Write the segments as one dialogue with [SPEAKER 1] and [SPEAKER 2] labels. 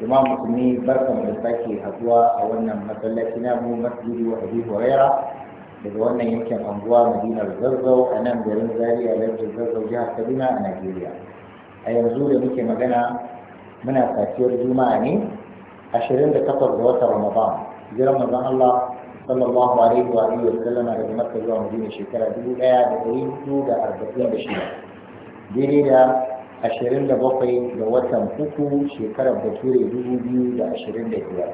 [SPEAKER 1] imam musulmi barkan da sake haduwa a wannan masallaci na mu masjidi wa abi huraira daga wannan yankin anguwa madinar zazzau a nan garin zaria lardin zazzau jihar kaduna a najeriya a yanzu da muke magana muna safiyar juma'a ne 28 ga watan ramadan jiran manzon allah sallallahu alaihi wa alihi wa sallam daga makka zuwa madina shekara 1446 daidai da ashirin da bakwai ga watan uku shekarar bature dubu biyu da ashirin da biyar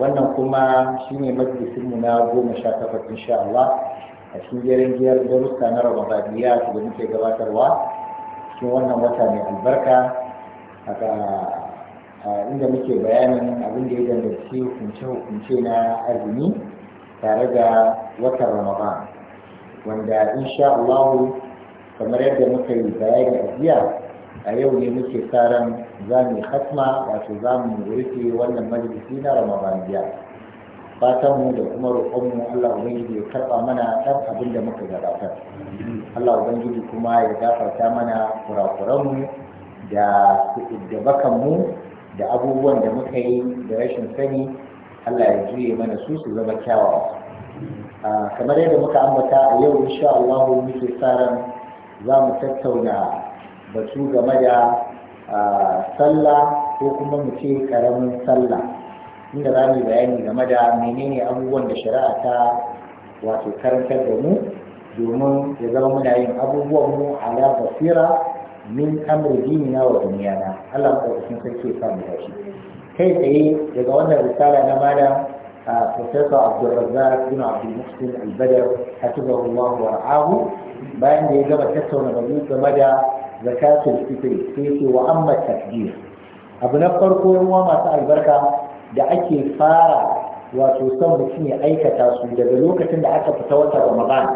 [SPEAKER 1] wannan kuma shine majalisinmu na goma sha takwas insha Allah a cikin jerin giyar darussa na rababadiya da muke gabatarwa cikin wannan wata mai albarka a inda muke bayanin abin da ya danganci hukunce-hukunce na azumi tare da watan ramadan wanda insha Allah kamar yadda muka yi bayani a jiya a yau ne muke sa ran za mu hatma wato za mu rufe wannan majalisi na ramabaniya fatan mu da kuma roƙon mu Allah ubangiji ya karɓa mana ɗan abin da muka gabatar Allah ubangiji kuma ya gafarta mana kurakuran mu da da bakan mu da abubuwan da muka yi da rashin sani Allah ya juye mana su su zama kyawawa kamar yadda muka ambata a yau insha Allah muke sa ran za mu tattauna batu game da sallah ko kuma mu ce karamin sallah inda za mu bayani game da menene abubuwan da shari'a ta wato karantar da mu domin ya zama muna yin abubuwan mu ala basira min amri dinina wa na. Allah ko sun sarki sa mu dashi kai tsaye daga wannan risala na malam Professor Abdulrazzaq bin Abdul Muhsin Al-Badr hafizahullah wa ra'ahu bayan da ya gama tattauna game da zakatul fitri sai ce wa amma takbir abu na farko ruwa masu albarka da ake fara wato son mutum ya aikata su daga lokacin da aka fita wata ramadan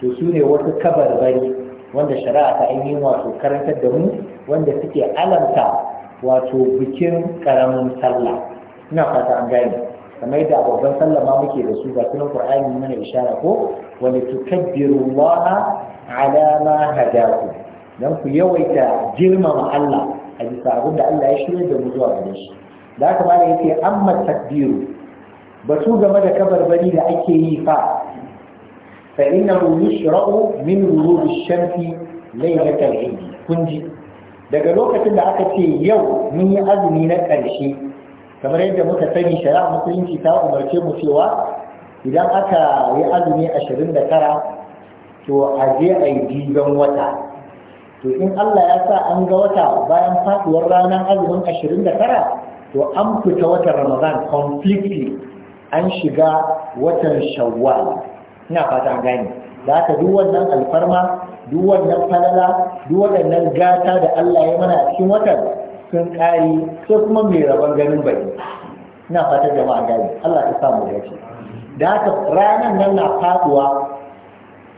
[SPEAKER 1] to su ne wasu kabarbari wanda shari'a ta ainihin wato karantar da mu wanda suke alamta wato bikin karamin sallah ina fata an gane kamar yadda babban sallah ma muke da su ga sunan qur'ani mana ishara ko wani tukabbiru allaha ala ma hadakum don ku yawaita girmama Allah a bisa abin da Allah ya shirya da mu zuwa gare shi da haka ma yake amma takbiru batu game da kabarbari da ake yi fa fa innahu yushra'u min ghurubi shamsi laylatal eid kun ji daga lokacin da aka ce yau mun yi azumi na ƙarshe kamar yadda muka sani shari'a musulunci ta umarce mu cewa idan aka yi azumi ashirin da tara to a je a yi diban wata to in Allah ya sa an ga wata bayan faduwar ranar azumin 29 to an fita watan Ramadan completely an shiga watan Shawwal ina fata an gane da haka duk wannan alfarma duk wannan falala duk waɗannan gata da Allah ya mana a cikin watan sun ƙari sai kuma mai rabon ganin bai ina fata jama'a gane Allah ta samu dace da haka ranar nan na faduwa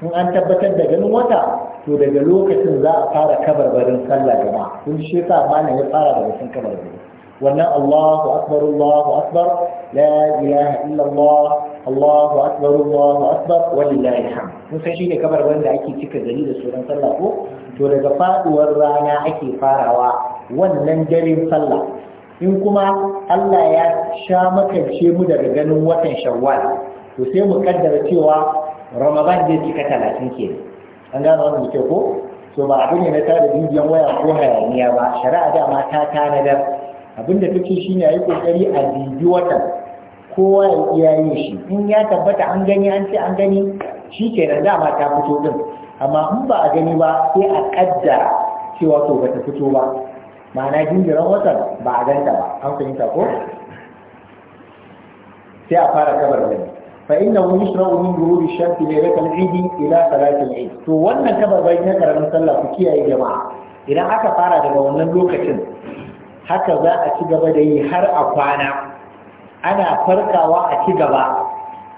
[SPEAKER 1] in an tabbatar da ganin wata to daga lokacin za a fara kabarbarin sallah gaba sun shi sa malam ya fara daga cikin kabarbarin wannan Allahu akbar Allahu akbar la ilaha illallah Allahu akbar Allahu akbar san shine kabarbarin da ake cika gari da suran sallah ko to daga faduwar rana ake farawa wannan daren sallah in kuma Allah ya sha makance mu daga ganin watan Shawwal to sai mu kaddara cewa Ramadan zai cika 30 kenan an gano wannan da ko so ba abu ne na tada dubiyan waya ko hayaniya ba shari'a dama ta tanadar abin da take shine ayi kokari a bibi watan kowa ya iya yin shi in ya tabbata an gani an ce an gani shi kenan dama ta fito din amma in ba a gani ba sai a kaddara cewa to bata fito ba ma'ana jinjiran watan ba a ganta ba an fahimta ko sai a fara kabar gani فإنه يشرع من غروب الشمس ليلة العيد إلى صلاة العيد to wannan kabar bai na karamin sallah ku kiyaye jama'a idan aka fara daga wannan lokacin haka za a ci gaba da yi har a kwana ana farkawa a ci gaba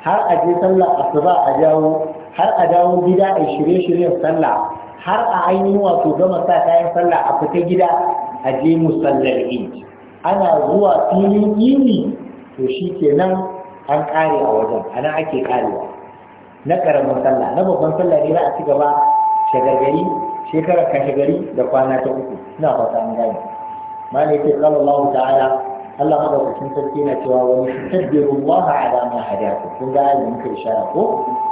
[SPEAKER 1] har a je sallar asuba a jawo har a dawo gida a shirye-shiryen sallah har a ainihin wato gama sa kayan sallah a fita gida a je musallar eid ana zuwa filin ini to shi kenan an kare a wajen a nan ake karewa na karamin sallah na babban sallah ne za a ci gaba shagargari shekara kashegari da kwana ta uku suna fata an gane ma ne ce sallallahu ta'ala Allah madaukakin sarki na cewa wani tabbiru Allah ala ma hadaku kun ga ayin muka ishara ko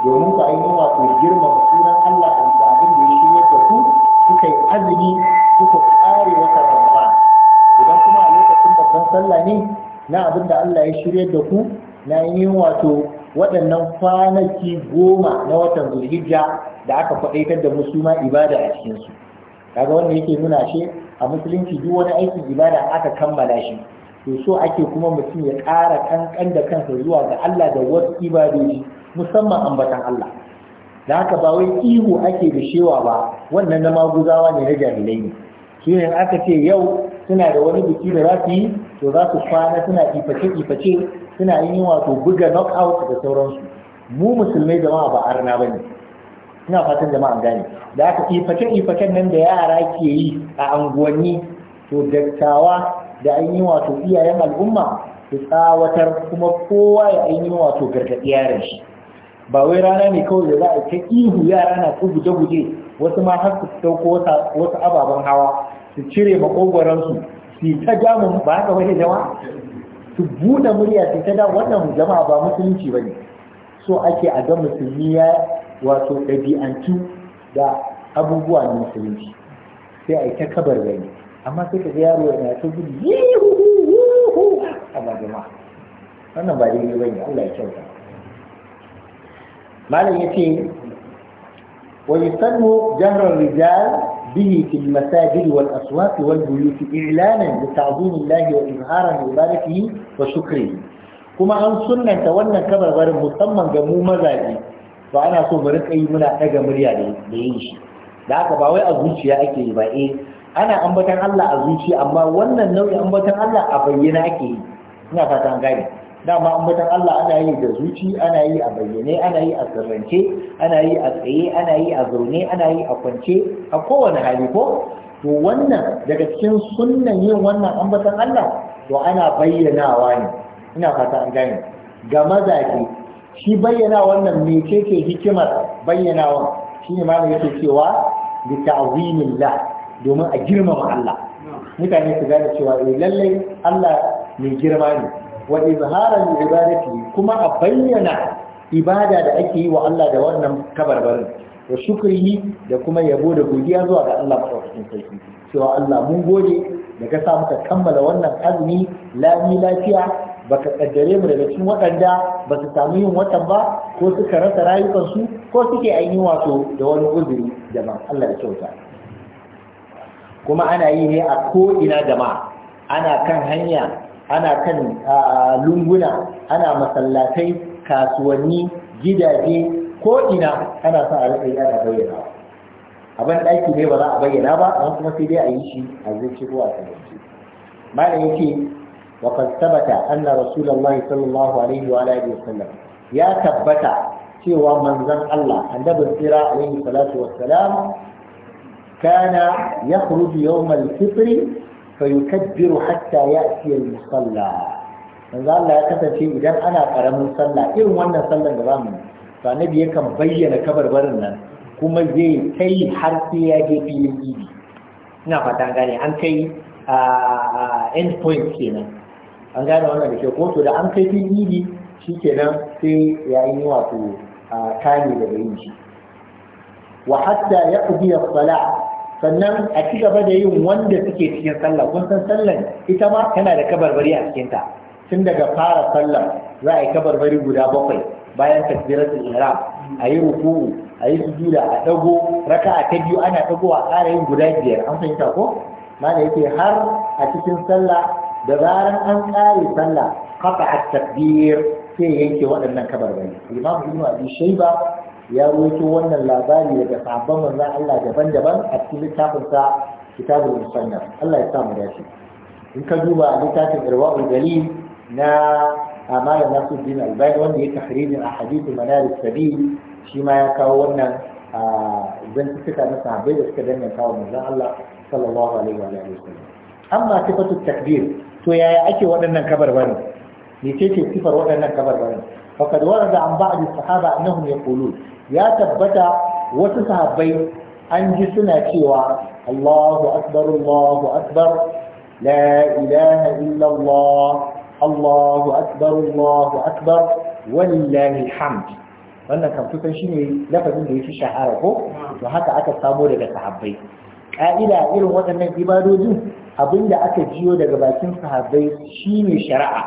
[SPEAKER 1] domin ku ainihin wato girma sunan Allah a bisa abin da ya shirya da ku kuka yi azumi kuka kare wata Ramadan idan kuma a lokacin babban sallah ne na abin da Allah ya shirya da ku na yi wato waɗannan kwanaki goma na watan zulhijja da aka faɗaitar da musulma ibada a cikinsu kaga wanda yake nuna shi a musulunci duk wani aikin ibada aka kammala shi to so ake kuma mutum ya ƙara kankan da kansa zuwa ga Allah da wasu ibadoji musamman ambatan Allah da haka ba wai ihu ake da shewa ba wannan na maguzawa ne na jahilai ne shi ne aka ce yau suna da wani biki da za su yi to za su kwana suna iface iface suna yin wato buga knockout da sauransu mu musulmai jama'a ba arna bane ina fatan jama'a gane da aka ifaken ifaken nan da yara ke yi a anguwanni to dattawa da an yi wato iyayen al'umma su tsawatar kuma kowa ya an yi wato gargaɗi yaran shi ba wai rana ne kawai da za a ta ihu yara na ta guje-guje wasu ma har su ɗauko wasu ababen hawa su cire makogwaransu su ta jamun ba haka wani jama'a su buɗe murya sai ta da wannan jama'a ba musulunci ba ne so ake a ga musulmi ya wato ɗabi'antu da abubuwa na musulunci sai a yi ta kabar gani amma sai ka ga yaro yana ta gudu hu a ba jama'a wannan ba daidai ba ne Allah ya kyauta malam ya ce wa yusannu jahrar rijal به في المساجد والأسواق والبيوت إعلانا لتعظيم الله وإظهارا لعبادته وشكره كما أن سنة تولى كبر مصمم جمو مزاجي فأنا سو مرق أي منا أجا مريا ليش da haka ba wai a zuciya ake yi ba eh ana ambatan Allah a zuciya amma wannan nau'in ambatan Allah a bayyana ake yi ina fata an gane dama ambatan Allah ana yi da zuci ana yi a bayyane ana yi a sirrance ana yi a tsaye ana yi a zaune ana yi a kwance a kowane hali ko to wannan daga cikin sunnan yin wannan ambatan Allah to ana bayyanawa ne ina fata an gane ga mazaje shi bayyana wannan mece ke hikimar bayyanawa shine malam yake cewa bi ta'zimillah domin a girmama Allah mutane su gane cewa eh lallai Allah mai girma ne wa izharan ibadati kuma a bayyana ibada da ake yi wa Allah da wannan kabarbarin wa shukri da kuma yabo da godiya zuwa ga Allah madaukakin sarki cewa Allah mun gode da ka sa muka kammala wannan azumi lami lafiya baka kaddare mu daga cikin waɗanda ba su samu yin watan ba ko suka rasa rayukansu ko suke ainihin wato da wani uzuri daban Allah da kyauta kuma ana yi ne a ko ina jama'a ana kan hanya ana kan lunguna ana masallatai kasuwanni gidaje ko ina ana sa a rika yi ana bayyana abin ɗaki ne ba za a bayyana ba an kuma sai dai a yi shi a zuci ko a tsananci malam yake wa qad thabata anna rasulullahi sallallahu alaihi wa alihi wasallam ya tabbata cewa manzon Allah annabi Sira, alaihi salatu wassalam kana yakhruju yawm al-fitr فيكبر حتى يأتي المصلى manzo Allah ya kasance idan ana karamin sallah irin wannan sallar da zamu to annabi yakan bayyana kabarbarin nan kuma zai kai har sai ya je filin idi ina fata gane an kai end point kenan an gane wannan da ke ko to da an kai filin idi shikenan sai ya yi wato kane daga yin shi wa hatta ya qudiya salat sannan a ci gaba da yin wanda suke cikin sallah kun san sallan ita ma tana da kabarbari a cikin ta tun daga fara sallah za a yi kabarbari guda bakwai bayan takbiratul ihram a yi ruku'u a yi sujuda a dago raka'a ta biyu ana dago a ƙara yin guda biyar an fahimta ko mana yake har a cikin sallah da zaran an ƙare sallah kafa at takbir sai yanke waɗannan kabarbari imamu ibnu abi shayba ya rawaito wannan labari daga sahabban manzon Allah daban-daban a cikin littafin sa kitabul musannaf Allah ya sa mu dace in ka duba littafin irwaul dalil na amala nasuddin albani wanda ya tahririn a hadithu manar sabil shi ma ya kawo wannan zantuka na sahabbai da suka danna kawo manzon Allah sallallahu alaihi wa alihi amma sifatu takbir to yaya ake waɗannan kabarbarin ne ce ce sifar waɗannan kabarbarin فقد ورد عن بعض الصحابة أنهم يقولون ya tabbata wasu sahabbai an ji suna cewa Allahu akbar Allahu akbar la ilaha illallah Allahu akbar Allahu akbar wallahi hamd wannan kan kusan shine lafazin da fi shahara ko to haka aka samo daga sahabbai ka'ida irin waɗannan ibadojin abinda aka jiyo daga bakin sahabbai shine shari'a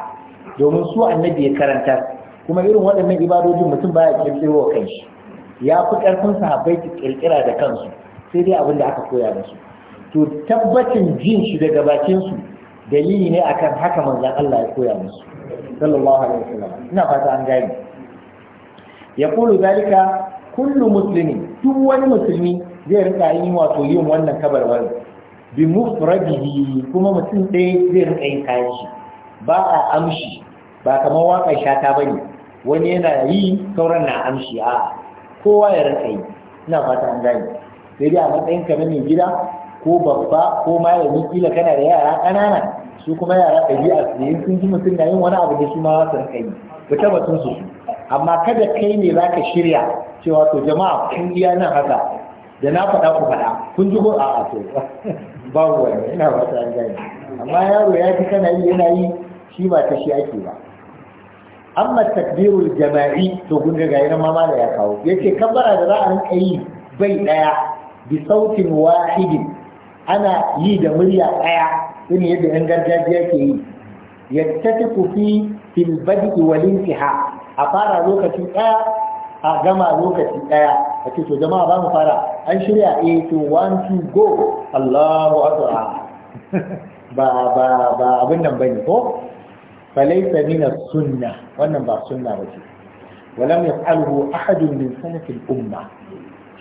[SPEAKER 1] domin su annabi ya karanta kuma irin waɗannan ibadojin mutum baya kirkiro kai shi. ya fi ƙarfin sahabbai su ƙirƙira da kansu sai dai abin da aka koya su, to tabbacin jin shi daga bakin su dalili ne akan haka manzon Allah ya koya musu sallallahu alaihi wasallam ina fata an gane yaqulu zalika kullu muslimin duk wani musulmi zai rika yin wato yin wannan kabarwar bi mufradihi kuma mutum ɗaya zai rika yin kayan shi ba a amshi ba kamar waƙar shata bane wani yana yi sauran na amshi a kowa ya rinka yi ina fata an gani. sai dai a matsayin ka mai gida ko babba ko malami kila kana da yara ƙanana su kuma yara ɗabi'a su yi sun ji mutum na yin wani abu da su ma za su rinka yi fita batun su amma kada kai ne za ka shirya cewa to jama'a kun iya nan haka da na faɗa ku faɗa kun ji ko a'a to babu wani ina fata an gani. amma yaro ya fi kana yi yana yi shi ba ta shi ake ba amma takbirul jama'i to kun ga gairan mama da ya kawo yace kabbara da za a rinka yi bai daya bi sautin wahidin ana yi da murya daya irin yadda yan gargajiya ke yi yattatiku fi fil bad'i wal intiha a fara lokaci daya a gama lokaci daya a ce to jama'a ba mu fara an shirya eh to one two go Allahu akbar ba ba ba abin nan bane ko falaita min sunna wannan ba sunna ba ce walam yaf'alhu Ahadin min salafil umma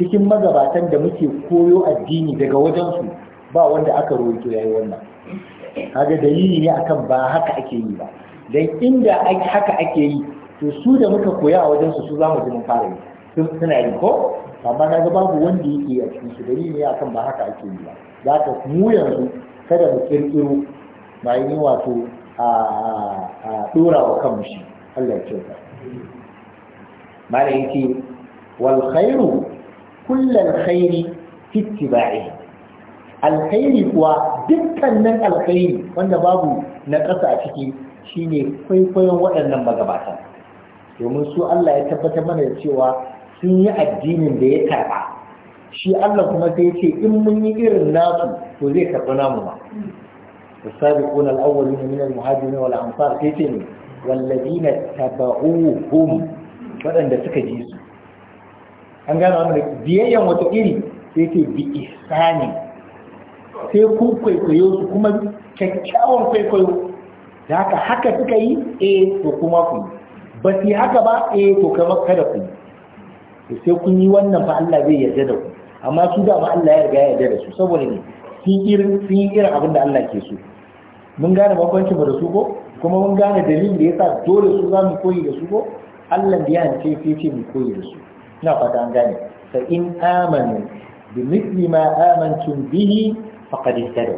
[SPEAKER 1] cikin magabatan da muke koyo addini daga wajensu ba wanda aka roƙo yayi wannan kaga dalili ne akan ba haka ake yi ba dan inda haka ake yi to su da muka koya a wajensu su zamu ji mun fara yi sun suna yi ko amma na ga babu wanda yake a cikin su dalili ne akan ba haka ake yi ba za ka mu yanzu kada mu kirkiro ne wato a ɗora wa kanmu shi Allah ya kyauta malai yake wal khairu kullal khairi fi ittiba'i alkhairi kuwa dukkanin alkhairi wanda babu na ƙasa a ciki shine kwaikwayon waɗannan magabatan domin su Allah ya tabbatar mana da cewa sun yi addinin da ya karɓa shi Allah kuma sai ce in mun yi irin nasu to zai karɓi namu ma السابقون الأولين من المهاجرين والأنصار كيتين والذين تبعوهم waɗanda suka ji su an gano wani da biyayyan wata iri sai ce bi ihsani sai ku kwaikwayo su kuma kyakkyawan kwaikwayo da haka haka suka yi eh to kuma ku ba su haka ba eh to kama kada ku sai kun yi wannan fa Allah zai yarda da ku amma su da ma Allah ya riga yarda da su saboda sun irin abin da Allah ke so mun gane bakwancin ba da su ko kuma mun gane dalilin da ya sa dole su za mu koyi da su ko Allah da ya hance sai ce mu koyi da su ina fata an gane fa in amanu bi mithli ma amantum bihi faqad ihtadaw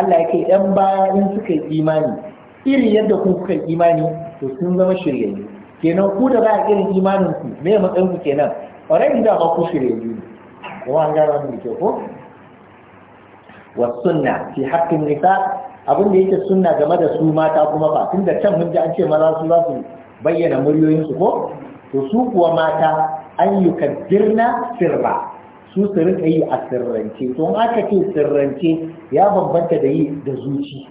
[SPEAKER 1] Allah yake dan baya in suka yi imani iri yadda ku kuka yi imani to sun zama shiryayyu kenan ku da ba irin imanin ku me matsayin ku kenan already da ba ku shiryayyu ne kuma an gane mu ke ko wa sunna fi haqqin nisa abin da yake sunna game da su mata kuma ba tun da can mun ji an ce maza su za su bayyana muryoyinsu ko to su kuwa mata an yi kaddirna sirra su su rika yi a sirrance to in aka ce sirrance ya bambanta da yi da zuci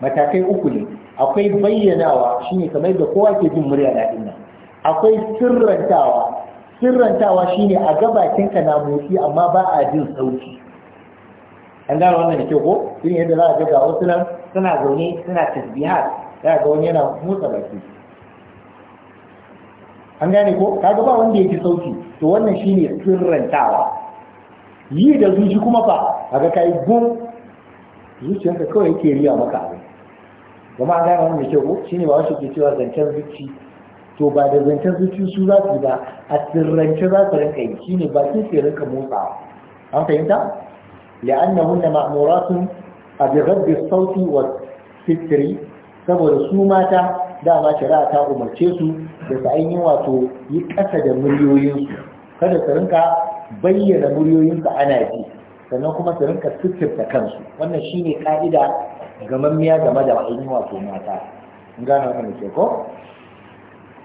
[SPEAKER 1] matakai uku ne akwai bayyanawa shine kamar da kowa ke jin murya na dinnan akwai sirrantawa sirrantawa shine a ka na motsi amma ba a jin sauki an gano wannan da kyau ko shine yadda za a ga wasu nan suna zaune suna tasbiha za ga wani yana motsa baki an gane ko kaga ba wanda yake sauki to wannan shine sirrantawa yi da zuci kuma fa kaga kai gum zuciyarka kawai yake riya maka abin kuma an gane wannan da kyau ko shine ba wasu ke cewa zancen zuci to ba da zancen zuci su za su ba a sirrance za su rinka yi shine sai su rinka motsawa an fahimta لأنهن مأمورات بغض الصوت والستر saboda su mata dama shari'a ta umarce su da su ainihin wato yi ƙasa da muryoyinsu kada su rinka bayyana muryoyinsu ana ji sannan kuma su rinka siffirta kansu wannan shine ka'ida gamammiya game da ainihin wato mata in gano wannan ke ko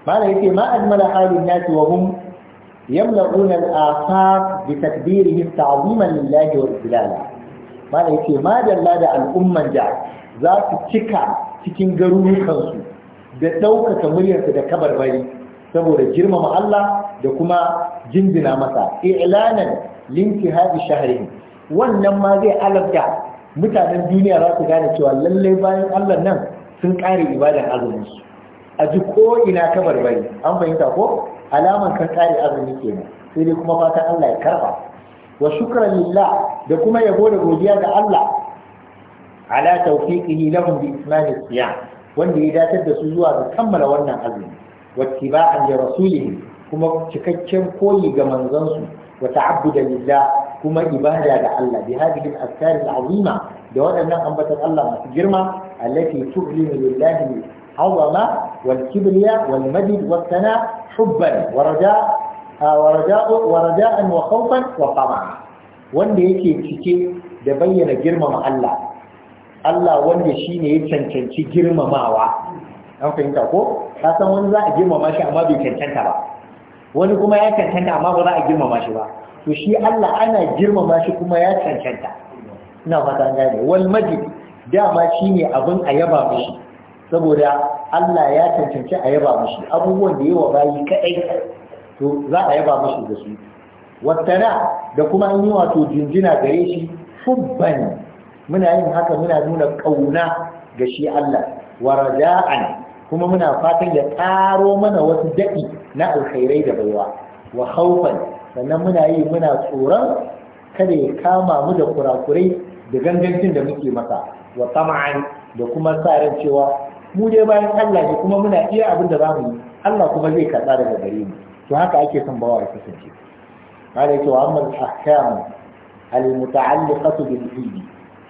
[SPEAKER 1] mala yake ma ajmala halin nasi wa hum يملؤون الآفاق بتكبيرهم تعظيما لله واجلالا ما يكي da al'umman الأمة جاء ذات تكا cikin garurukansu da ɗaukaka muryarsu da kabarbari saboda girmama Allah da kuma jinjina masa i'lanan linki hadi shahrin wannan ma zai alarta mutanen duniya za su gane cewa lallai bayan Allah nan sun kare ibadar azumin su a ji ko ina kabarbari an fahimta ko alaman kan kare azumi kenan sai dai kuma fatan Allah ya karba wa shukran lillah da kuma yabo da godiya ga Allah ala tawfiqihi lahum bi ismani siyam wanda ya datar da su zuwa ga kammala wannan azumi wa tiba'an li rasulihi kuma cikakken koyi ga manzansu wa ta'abbuda lillah kuma ibada ga Allah bi hadhihi al-azkar al-azima da waɗannan ambatar Allah masu girma allati tu'limu lillahi العظمة والكبرياء والمجد والثناء حبا ورجاء ورجاء ورجاء وخوفا وطمعا wanda yake cike da bayyana girmama Allah Allah wanda shi ne ya cancanci girmamawa an fahimta ko ka san wani za a girmama shi amma bai cancanta ba wani kuma ya cancanta amma ba za a girmama shi ba to shi Allah ana girmama shi kuma ya cancanta ina fata gane wal majid dama ne abin a yaba mishi saboda Allah ya cancanci a yaba mashi abubuwan da yawa bayi kaɗai to za a yaba mashi da su wattana da kuma an yi wato jinjina gare shi hubban muna yin haka muna nuna ƙauna ga shi Allah wa raja'an kuma muna fatan ya karo mana wasu daɗi na alkhairai da baiwa wa sannan muna yi muna tsoron kada ya kama mu da kurakurai da gangancin da muke masa wa tama'an da kuma sa ran cewa mu dai bayan Allah ne kuma muna iya abin da zamu yi Allah kuma zai karɓa daga gare mu to haka ake son bawa ya kasance kada yake amma ahkam al-muta'alliqatu bil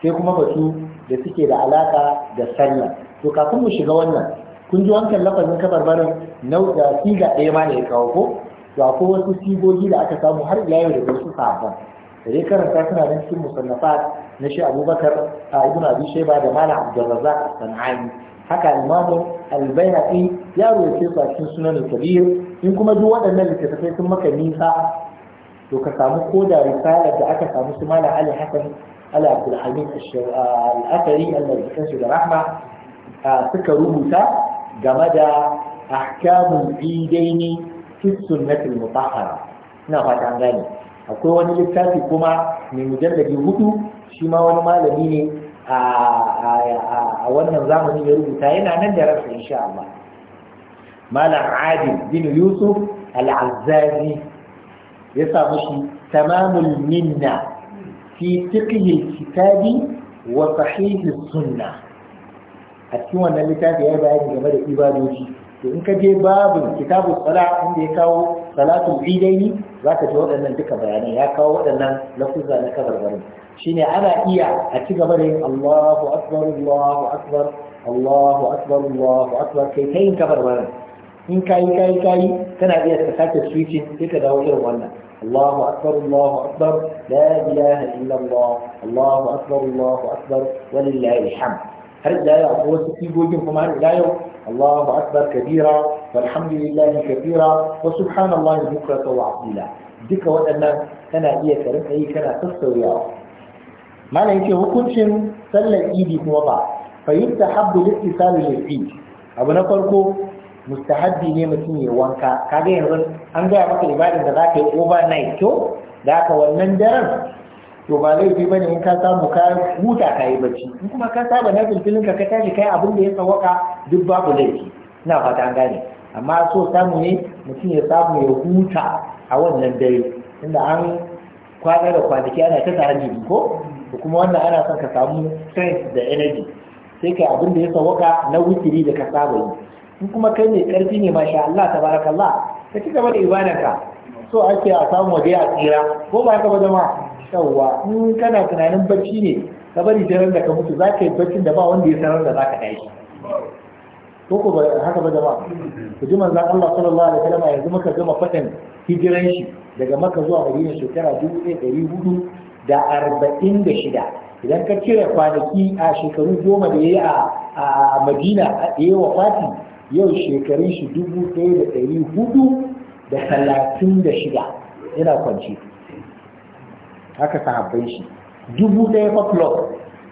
[SPEAKER 1] sai kuma batu da suke da alaka da sallah to kafin mu shiga wannan kun ji wankan lafazin kafar barin nau'a siga ɗaya ma ne ya kawo ko to akwai wasu sigogi da aka samu har ila yau da wasu sahabban da dai karanta suna nan cikin musannafat na shi abubakar a ibn abi shaiba da malam abdurrazzaq as-sanani haka imamu albayhaqi ya roce su a cikin sunan kabir in kuma duk waɗannan littattafai sun maka nisa to ka samu koda risalar da aka samu su malam ali hasan ala abdulhamid al-athari da rahma suka rubuta game da ahkamul idaini fi sunnatil mutahhara ina fata an gane akwai wani littafi kuma mai mujalladi hudu shi ma wani malami ne a wannan zamanin ya rubuta yana nan da rasa insha Allah malam adil bin yusuf al-azzazi ya samu shi tamamul minna fi fiqhi kitabi wa sahihi sunna a cikin wannan littafi ya bayani game da ibadoji to in ka je babin kitabu sala inda ya kawo salatul idaini zaka ji waɗannan duka bayanai ya kawo waɗannan lafuzza na barin. shine ana iya a ci gaba da yin Allahu akbar Allahu akbar Allahu akbar Allahu akbar kai kai ka bar wannan in kai kai kai kana iya ka sake switching sai ka dawo irin wannan Allahu akbar Allahu akbar la ilaha illa Allah Allahu akbar Allahu akbar walillahi alhamd har da ya ko wasu kigogin kuma har ila yau Allahu akbar kabira walhamdulillahi kabira wa subhanallahi bukrata wa abdila duka waɗannan kana iya ka rinka yi kana sassauyawa mana yake hukuncin sallar idi kuma ba fa yustahabbu littisalu lil abu na farko mustahabbi ne mutum ya wanka kaga yanzu an gaya maka ibadin da zaka yi overnight to da wannan daren to ba zai fi ne in ka samu ka huta ka yi bacci in kuma ka saba na filfilin ka ka tashi kai abin da ya tsawaka duk babu laifi ina fata an gane amma so samu ne mutum ya samu ya huta a wannan dare inda an kwana da kwanaki ana ta tare ko to kuma wannan ana son ka samu strength da energy sai kai abin da ya sawaka na wikiri da ka saba yi in kuma kai mai karfi ne masha Allah tabarakallah ka ci gaba da ibadarka so ake a samu waje a tsira ko ba ka ba zama yawwa in kana tunanin bacci ne ka bari daren da ka mutu za ka yi baccin da ba wanda ya sanar da za ka tashi ko ko haka ba jama'a ku ji manzon Allah sallallahu alaihi wasallam yanzu muka gama fadin hijiran shi daga Makka zuwa Madina shekara 1400 da arba'in da shida idan ka cire kwanaki a shekaru goma da ya yi a madina a ɗaya wa fati yau shekarun shi dubu ɗaya da ɗari hudu da talatin da shida yana kwanci haka sahabban shi dubu ɗaya fa club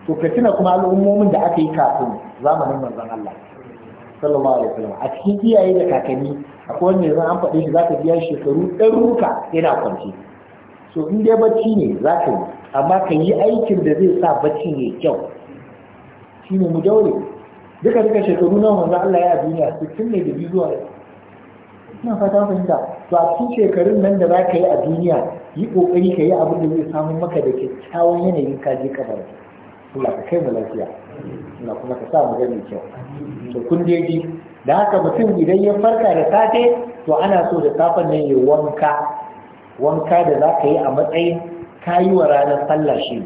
[SPEAKER 1] to ka tuna kuma al'ummomin da aka yi kafin zamanin manzon Allah sallallahu alaihi wasallam a cikin iyaye da kakanni akwai wanda yanzu an faɗe shi zaka biya shekaru ɗaruka yana kwanci so in dai bacci ne za ka yi amma ka yi aikin da zai sa bacci ne kyau shi ne mu daure duka duka shekaru na wanzu Allah ya duniya sittin ne da biyu zuwa ina fata fahimta to a cikin shekarun nan da za ka yi a duniya yi kokari ka yi abin da zai samu maka da kyakkyawan yanayin ka je kabar Allah ka kai mu lafiya Ina kuma ka sa mu gani kyau to kun dai da haka mutum idan ya farka da safe to ana so da safen nan ya wanka wanka da za ka yi a matsayin ka wa ranar sallah shi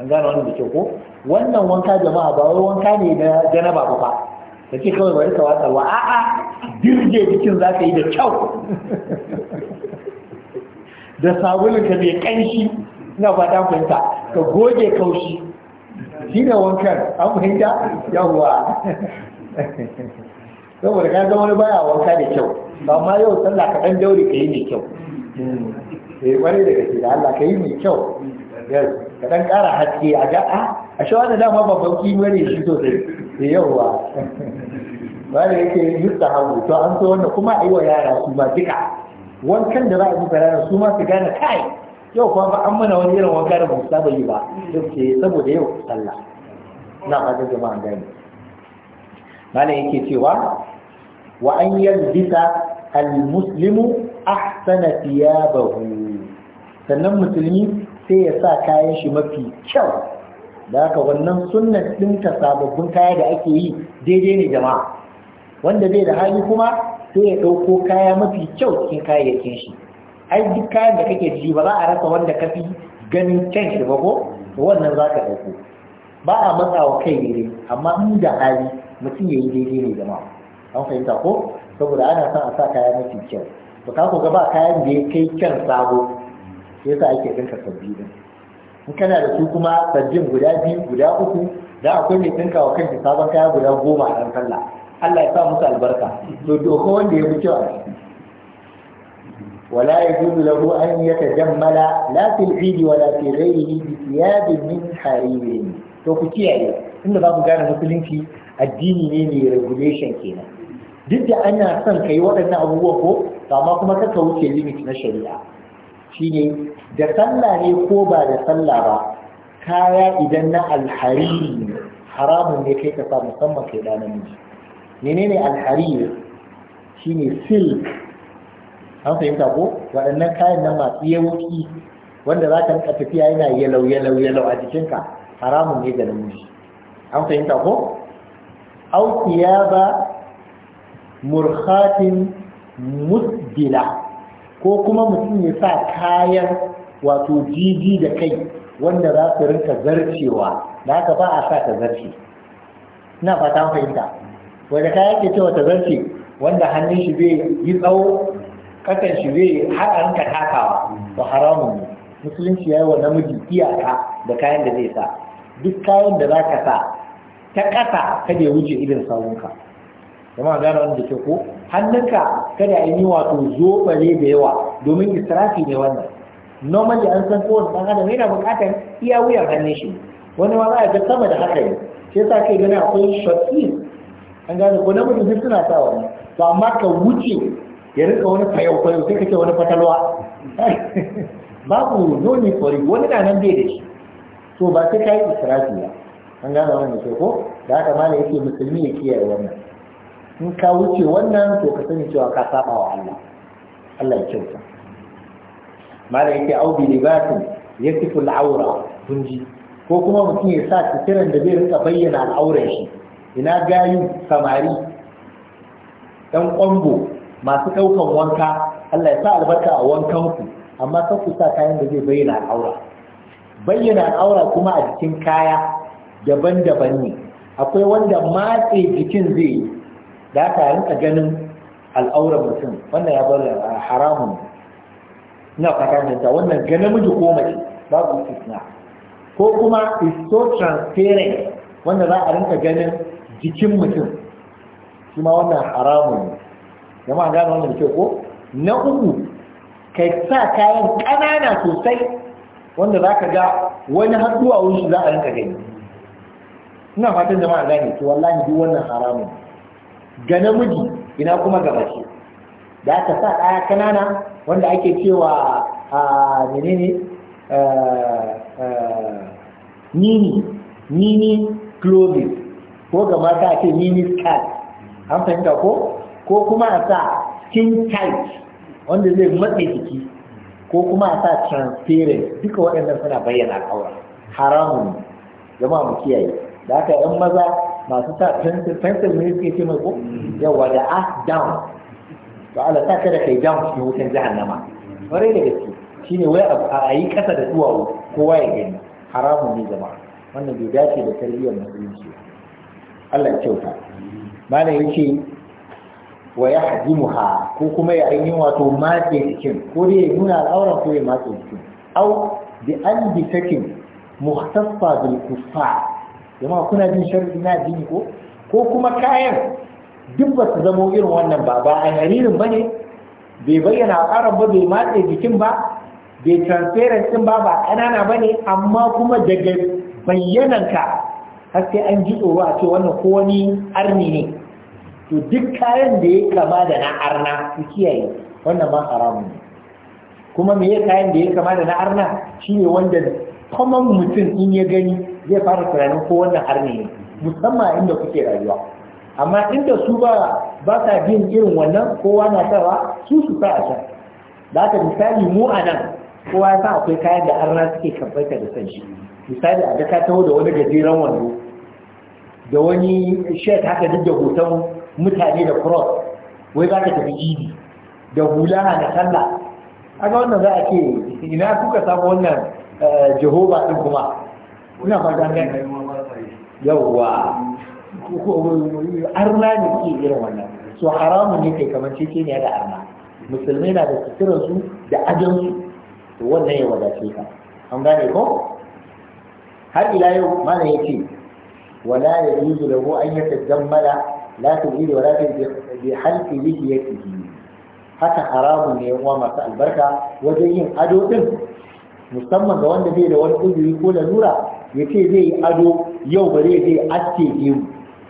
[SPEAKER 1] an gane wani da ke ko wannan wanka jama'a ba wai wanka ne na janaba ba ba da ke kawai bari ka tsawa a a'a dirje jikin za ka yi da kyau da sabulun ka mai kanshi na fata kwanta ka goge kaushi shi ne wankan an fahimta yawwa saboda ka zama wani baya wanka da kyau ba ma yau sallah ka ɗan daure ka yi mai kyau eh wani daga gaske da Allah ka yi mai kyau ka dan kara haske a ga ah, a a shi wani dama babban kimiyar shi sosai eh, da yawa wanda yake yusta hagu to an so wannan kuma a yi wa yara su ma duka wankan da za a yi yara su ma su gane kai yau kuma ba an mana wani irin wanka da ba saba yi ba yake saboda yau sallah na fatan jama'a gani malam yake cewa wa an yalbisa al-muslimu ahsana thiyabahu sannan musulmi sai ya sa kayan shi mafi kyau da haka wannan sunnan ta sababbin kaya da ake yi daidai ne jama'a wanda bai da hali kuma sai ya dauko kaya mafi kyau cikin kayayyakin shi ai duk kayan da kake ji ba za a rasa wanda kafi ganin kyan shi ba ko wannan za ka dauko ba a matsa wa kai daidai amma in da hali mutum ya yi daidai ne jama'a an fahimta ko saboda ana son a sa kaya mafi kyau to ka ku ba kayan da ya kai kyan sabo sai yasa ake ɗinka sabbi ɗin. in kana da su kuma sabbin guda biyu guda uku da akwai mai ɗinka wa kanki sabon kaya guda goma a ran sallah Allah ya sa musu albarka to doko wanda ya fi kyau a ciki ولا يجوز له أن يتجمل لا في العيد ولا في غيره بثياب من حرير to ku kiyaye inda za ku gane musulunci addini ne mai regulation kenan duk da ana son ka yi waɗannan abubuwan ko amma kuma kaka wuce limit na shari'a shine da sallah ne ko ba da sallah ba kaya idan na alhariri haramun ne kai ka sa musamman kai da namiji menene alhariri shine silk an fahimta ko waɗannan kayan nan masu yawuki wanda za ka rika tafiya yana yalau yalau yalau a jikinka haramun ne ga namiji an fahimta ko au ba murhatin musbila ko kuma mutum ya sa kayan wato jiji da kai wanda za su rinka zarcewa da haka ba a sa ta zarce ina fata fahimta wanda ka ke cewa ta zarce wanda hannun shi zai yi tsawo kasan shi zai har a rinka takawa ba haramun ne musulunci ya yi wa namiji iyaka da kayan da zai sa duk kayan da za ka sa ta ƙasa kada ya wuce irin sawunka kuma gane wanda ke ko hannunka kada a yi wato zobale da yawa domin israfi ne wannan da an san kowane ɗan adam yana buƙatar iya wuyar hannun shi wani ma za a ga sama da haka ne sai yasa kai gani akwai shafi an gane ko namiji duk suna sa wani to amma ka wuce ya rika wani fayau fayau sai ka ce wani fatalwa babu no need for wani na nan bai da shi to ba sai ka yi israfi ba an gane wannan ke ko da haka ma ne yake musulmi ya kiyaye wannan in ka wuce wannan to ka sani cewa ka saba wa Allah Allah ya kyauta mala yake au bi libatin yasifu al-awra ko kuma mutum ya sa suturan da zai rika bayyana al'auran shi ina gayu samari dan kwambo masu ɗaukan wanka Allah ya sa albarka a wankan ku, amma kan ku sa kayan da zai bayyana al'aura bayyana al'aura kuma a jikin kaya daban-daban ne akwai wanda matse jikin zai da aka rinka ganin al'aurar mutum wannan ya bar haramun na fata da wannan ga namiji ko mace babu fitna ko kuma is so transparent wanda za a rinka ganin jikin mutum shi ma wannan haramun ne jama'a gane wannan da kyau ko na uku kai sa kayan ƙanana sosai wanda za ka ga wani har a shi za a rinka gani ina fatan jama'a gane to wallahi duk wannan haramun ga namiji ina kuma ga mace da aka sa ɗaya kanana wanda ake cewa a menene nini nini clovis ko ga mata ake nini skirt an fahimta ko ko kuma a sa skin tight wanda zai matse jiki ko kuma a sa transparent duka waɗannan suna bayyana a al'aura haramun jama'a mu kiyaye da aka yan maza masu sa pencil pencil ne suke ce mai ko yawa da as down to Allah sa ka da kai down cikin wutan jahannama kwarai da gaske shine wai a yi kasa da duwawu kowa ya gani haramun ne zama. wannan bai dace da tarbiyyar musulunci Allah ya kyauta malam yake wa yahdimuha ko kuma ya ainihin wato matse jikin ko dai ya nuna al'auran ko ya matse jikin au bi an bi sakin muhtaffa bil kuffar jama'a kuna jin sharri na addini ko ko kuma kayan duk ba su zamo irin wannan ba ba a haririn ba ne bai bayyana a ƙaran ba bai matse jikin ba bai transparent ɗin ba ba ƙanana ba ne amma kuma daga bayyananka har sai an ji tsoro a ce wannan ko wani arni ne to duk kayan da ya kama da na arna su kiyaye wannan ba haramu ne kuma me ya kayan da ya kama da na arna shine wanda common mutum in ya gani zai fara tunanin ko wannan arni ne musamman inda kuke rayuwa amma inda su ba ba sa bin irin wannan kowa na sawa su su sa a can da aka misali mu a nan kowa ya sa akwai kayan da arna suke kamfaita da san misali a ga ka taho da wani gajeren wando da wani shek haka duk da hoton mutane da cross wai za ka tafi idi da hula na sallah ga wannan za a ce ina kuka samu wannan eh, jehova din kuma kuna fata ne yawwa arna ne ke irin wannan so haramun ne kai kamar ce ne da arna musulmai na da suturansu da ajansu to wannan ya wadace ka an gane ko har ila yau mana ya ce. wala yajuzu lahu an yi ta yatajammala la tujidu wala yake halqi lihiyatihi haka haramun ne wa masu albarka wajen yin ado din musamman ga wanda bai da wani uzuri ko lalura ya ce zai yi ado yau ba zai ake aske gemu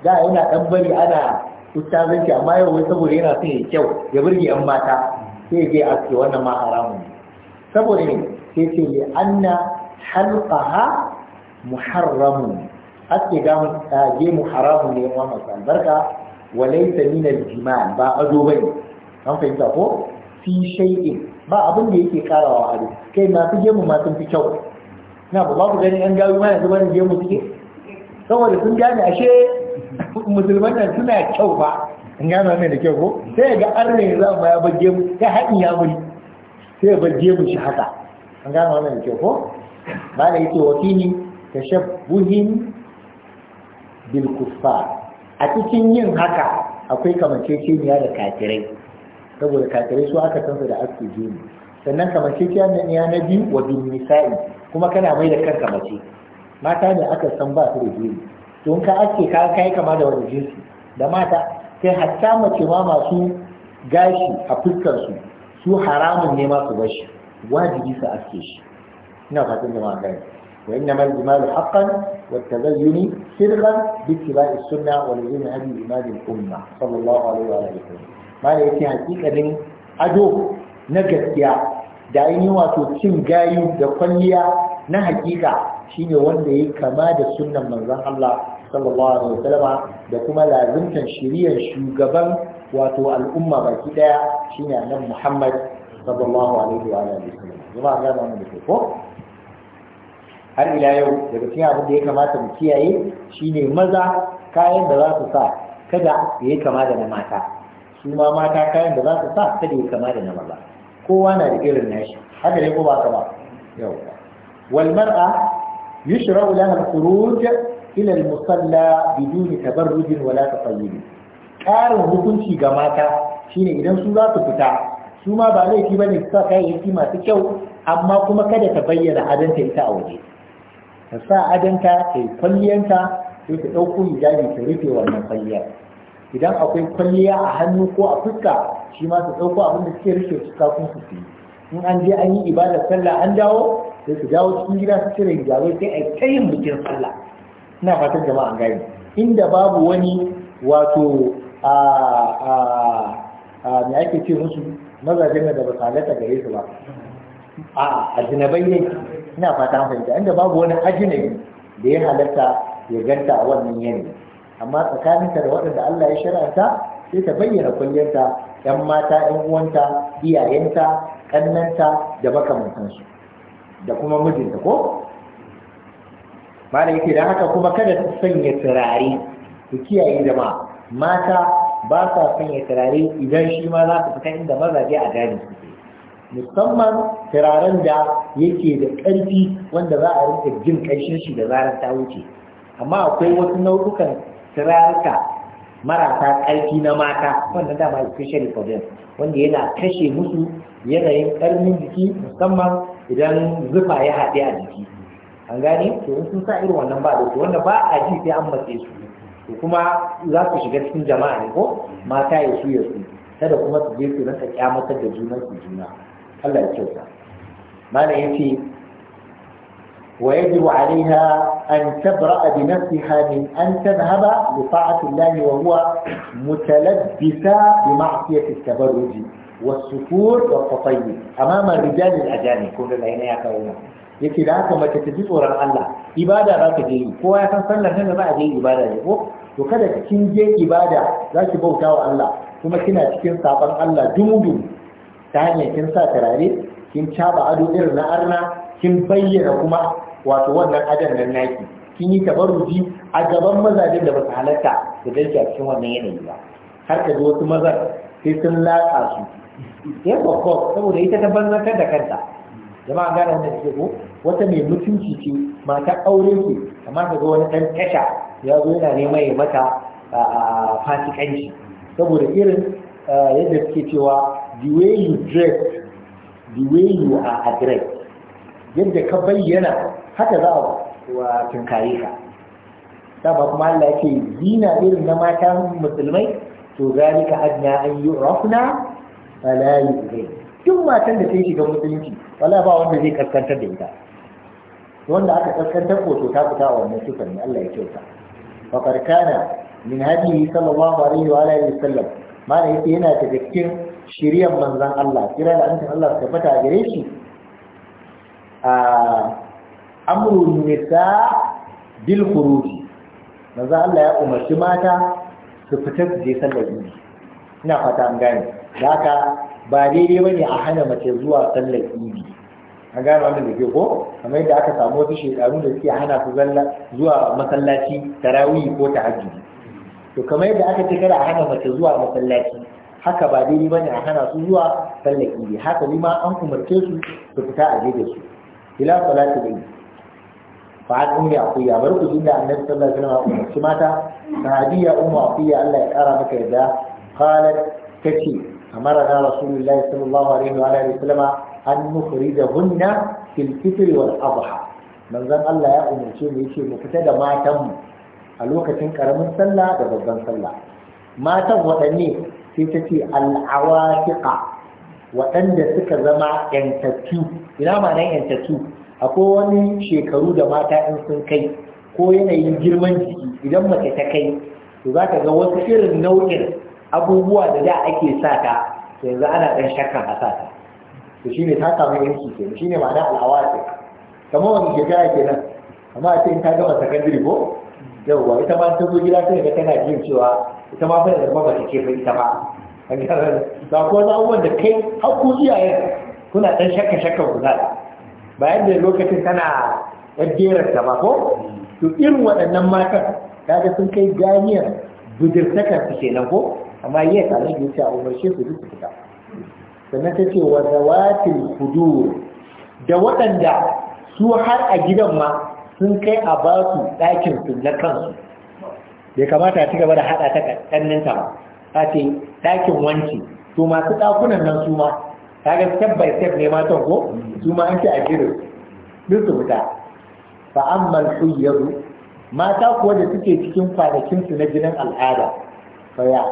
[SPEAKER 1] da yana ɗan bari ana ustazanci amma yau wai saboda yana son ya kyau ya burge yan mata sai zai aske wannan ma haramun saboda ne sai ce li anna halqaha muharramun aske gamun gemu haramun ne wa masu albarka wa laysa min al ba ado bane an fahimta ko fi shay'in ba abin da yake karawa ado kai masu gemu ma sun fi kyau na ba ku gani yan gawi mana zuwa barin gemu suke saboda sun gane ashe musulman nan suna kyau ba in gane wannan da kyau ko sai ga arne za mu ya bage mu sai haɗin ya muni sai ya bage mu shi haka an gane wannan da kyau ko ba da yake ta tashabbuhin bil kufa a cikin yin haka akwai kamanceceniya da kafirai saboda kafirai su aka san su da aski jini sannan kamanceciyar nan ya na biyu wa bin nisa'i kuma kana mai da kanka mace mata ne aka san ba su da jini to in ka ake ka kai kama da wani jinsi da mata sai hatta mace ma masu gashi a fuskar su su haramun ne ma su bashi wajibi su aske shi ina fatan jama'a gani wa inna mal jimalu haqqan wa tazayyuni sirran bi ittiba'i sunna wa lazina hadi imam umma sallallahu alaihi wa alihi mala yake hakikanin ado na gaskiya da ainihin wato cin gayu da kwalliya na hakika shine wanda ya kama da sunnan manzon Allah sallallahu alaihi da kuma lazimtan shiriyar shugaban wato al'umma baki daya shine nan Muhammad sallallahu alaihi wa alihi wasallam ga da ko har ila yau daga cikin abin da ya kamata mu kiyaye shine maza kayan da za su sa kada ya kama da na mata su ma mata kayan da za su sa kada ya kama da na maza kowa na da irin nashi haka ne ko ba ka ba yau wal mar'a yushra'u laha al-khuruj ila al-musalla bidun tabarruj wala taqayyud karin hukunci ga mata shine idan su za su fita su ma ba laifi bane su sa kayayyaki masu kyau amma kuma kada ta bayyana adanta ita a waje ta sa adanta ta yi kwalliyanta sai ta ɗauko hijabi ta rufe wannan kwalliyar idan akwai kwalliya a hannu ko a fuska shi ma su ɗauko abin da suke rike su kafin su yi in an je an yi ibada sallah an dawo sai su dawo cikin gida su cire hijabai sai a ta yin bikin sallah ina fatan jama'a an gane inda babu wani wato a a me ake ce musu mazajen da ba sa halatta gare su ba a ajinabai ne ina fata an fahimta inda babu wani ajinabi da ya halatta ya ganta a wannan yanayi amma tsakaninta da waɗanda Allah ya shar'anta sai ta bayyana kulliyarta yan mata yan uwanta iyayenta ƙannanta da makamantansu da kuma mijinta ko Mana yake da haka kuma kada ta sanya turare ku kiyaye jama'a mata ba sa sanya turare idan shi ma za su fita inda mazaje a gane musamman turaren da yake da ƙarfi wanda za a rinka jin ƙarshen shi da zarar ta wuce amma akwai wasu nau'ukan turarka marasa ƙarfi na mata wannan dama especially for them wanda yana kashe musu yanayin ƙarnin jiki musamman idan zufa ya haɗe a jiki an gane to in sun sa irin wannan ba da wanda ba a ji sai an matse su to kuma za su shiga cikin jama'a ne ko mata ya su ya su kada kuma su je su rinka kyamatar da junan su juna Allah ya kyauta malam yace ويجب عليها أن تبرأ بنفسها من أن تذهب لطاعة الله وهو متلبسة بمعصية التبرج والسفور والتطيب أمام الرجال الأجانب كل العين يكون yake da haka mace ta ji tsoron Allah ibada za ka je yi kowa ya san sallar nan za a je ibada ne ko to kada kin je ibada za ki bauta wa Allah kuma kina cikin sabon Allah dumudu ta hanyar kin sa turare kin caba ado irin na arna kin bayyana kuma wato wannan adan nan naki kin yi tabarruji a gaban mazajen da basu halarta da dalci a cikin wannan yanayi ba har ka ji wasu mazan sai sun latsa su ya kwakwa saboda ita ta banzantar da kanta jama'a gane wannan ke ko wata mai mutunci ce mata aure ce amma ka ga wani ɗan tasha ya zo yana neman ya mata fasikanci saboda irin eh, yadda suke cewa the way you dress the way you are addressed yadda ka bayyana haka za a tunkare ka dama kuma Allah ya zina irin na mata musulmai to ka adna an yu'rafna fala yu'zai duk matan da ta yi shiga musulunci wala ba wanda zai kaskantar da ita wanda aka kaskantar ko to ta fita a wannan sufan ne Allah ya kyauta fa karkana min hadihi sallallahu alaihi wa alihi wasallam mala yake yana daga cikin shiryan manzon Allah kira da annabi Allah tabbata gare shi Amru nisa bil khuruji Allah ya umarci mata su fita su je sallar yi ina fata an gane da haka ba daidai bane a hana mace zuwa sallar yi an gane wannan da ke ko kamar yadda aka samu wasu shekaru da suke hana su zalla zuwa masallaci tarawih ko tahajjudi to kamar yadda aka ce kada a hana mace zuwa masallaci haka ba daidai bane a hana su zuwa sallar yi haka ma an umarce su su fita a je su ila salati bai fa an ummi aqiya bar ku jinda annabi sallallahu alaihi wasallam umarci mata sahadiya ummu aqiya Allah ya kara maka yadda qalat tace amarna rasulullahi sallallahu alaihi wa alihi wasallam an nukhrijahunna fil fitr wal adha manzon Allah ya umarce mu yace mu fita da matan mu a lokacin karamin sallah da babban sallah matan waɗanne sai ta ce al'awafiqa waɗanda suka zama yantattu ina ma nan yantattu akwai wani shekaru da mata in sun kai ko yanayin girman jiki idan mace ta kai to za ka ga wasu irin nau'in abubuwa da da ake sa ta to yanzu ana ɗan shakkan a sa ta to shine ta samu yanki ke ne ma'ana ce kamar wani shekara nan? amma a ce in ta gama sakandare ko yawwa ita ma ta zo gida ta ga tana jin cewa ita ma fa da ba ta ce fa ita ma a gyara ba da kai haku iyaye kuna ɗan shakka shakka ku bayan da lokacin tana ɗan jerarta ba ko to irin waɗannan matan kaga sun kai ganiyar budurtakar su nan ko amma yi ta nan yace a umarce su duk fita sannan ta ce wa zawatil hudur da waɗanda su har a gidan ma sun kai a ba su ɗakin su na kansu bai kamata a ci gaba da haɗa ta ƙanninta ba a ɗakin wanki to masu ɗakunan nan su ma kaga step by step ne matan ko su ma an ce a jirin duk su fita fa ammal huyyaru mata kuwa da suke cikin kwanakin su na jinin al'ada fa ya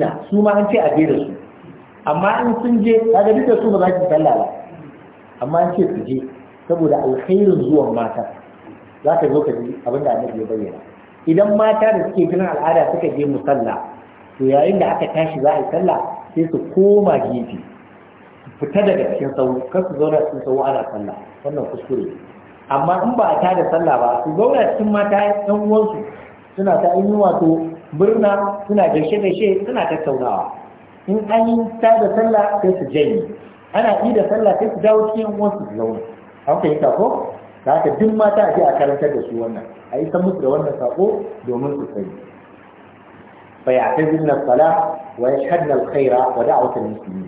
[SPEAKER 1] ta su ma an ce a jira su amma in sun je kaga duk da su ba za ki sallah ba amma an ce su je saboda alkhairin zuwan mata za ka zo ka ji abin da annabi ya bayyana idan mata da suke jinin al'ada suka je musalla to yayin da aka tashi za a yi sallah sai su koma gefe fita daga cikin sau kar su zauna cikin sau ana sallah wannan kuskure amma in ba a tada sallah ba su zauna cikin mata yan uwansu suna ta yi wato birna suna gaishe gaishe suna tattaunawa in an yi tada sallah sai su janye ana yi da sallah sai su dawo cikin uwansu su zauna an fahimta ko da haka duk mata a je a karantar da su wannan a yi ta musu da wannan sako domin su sani zina kala فيعتزلن الصلاة a watan ودعوة المسلمين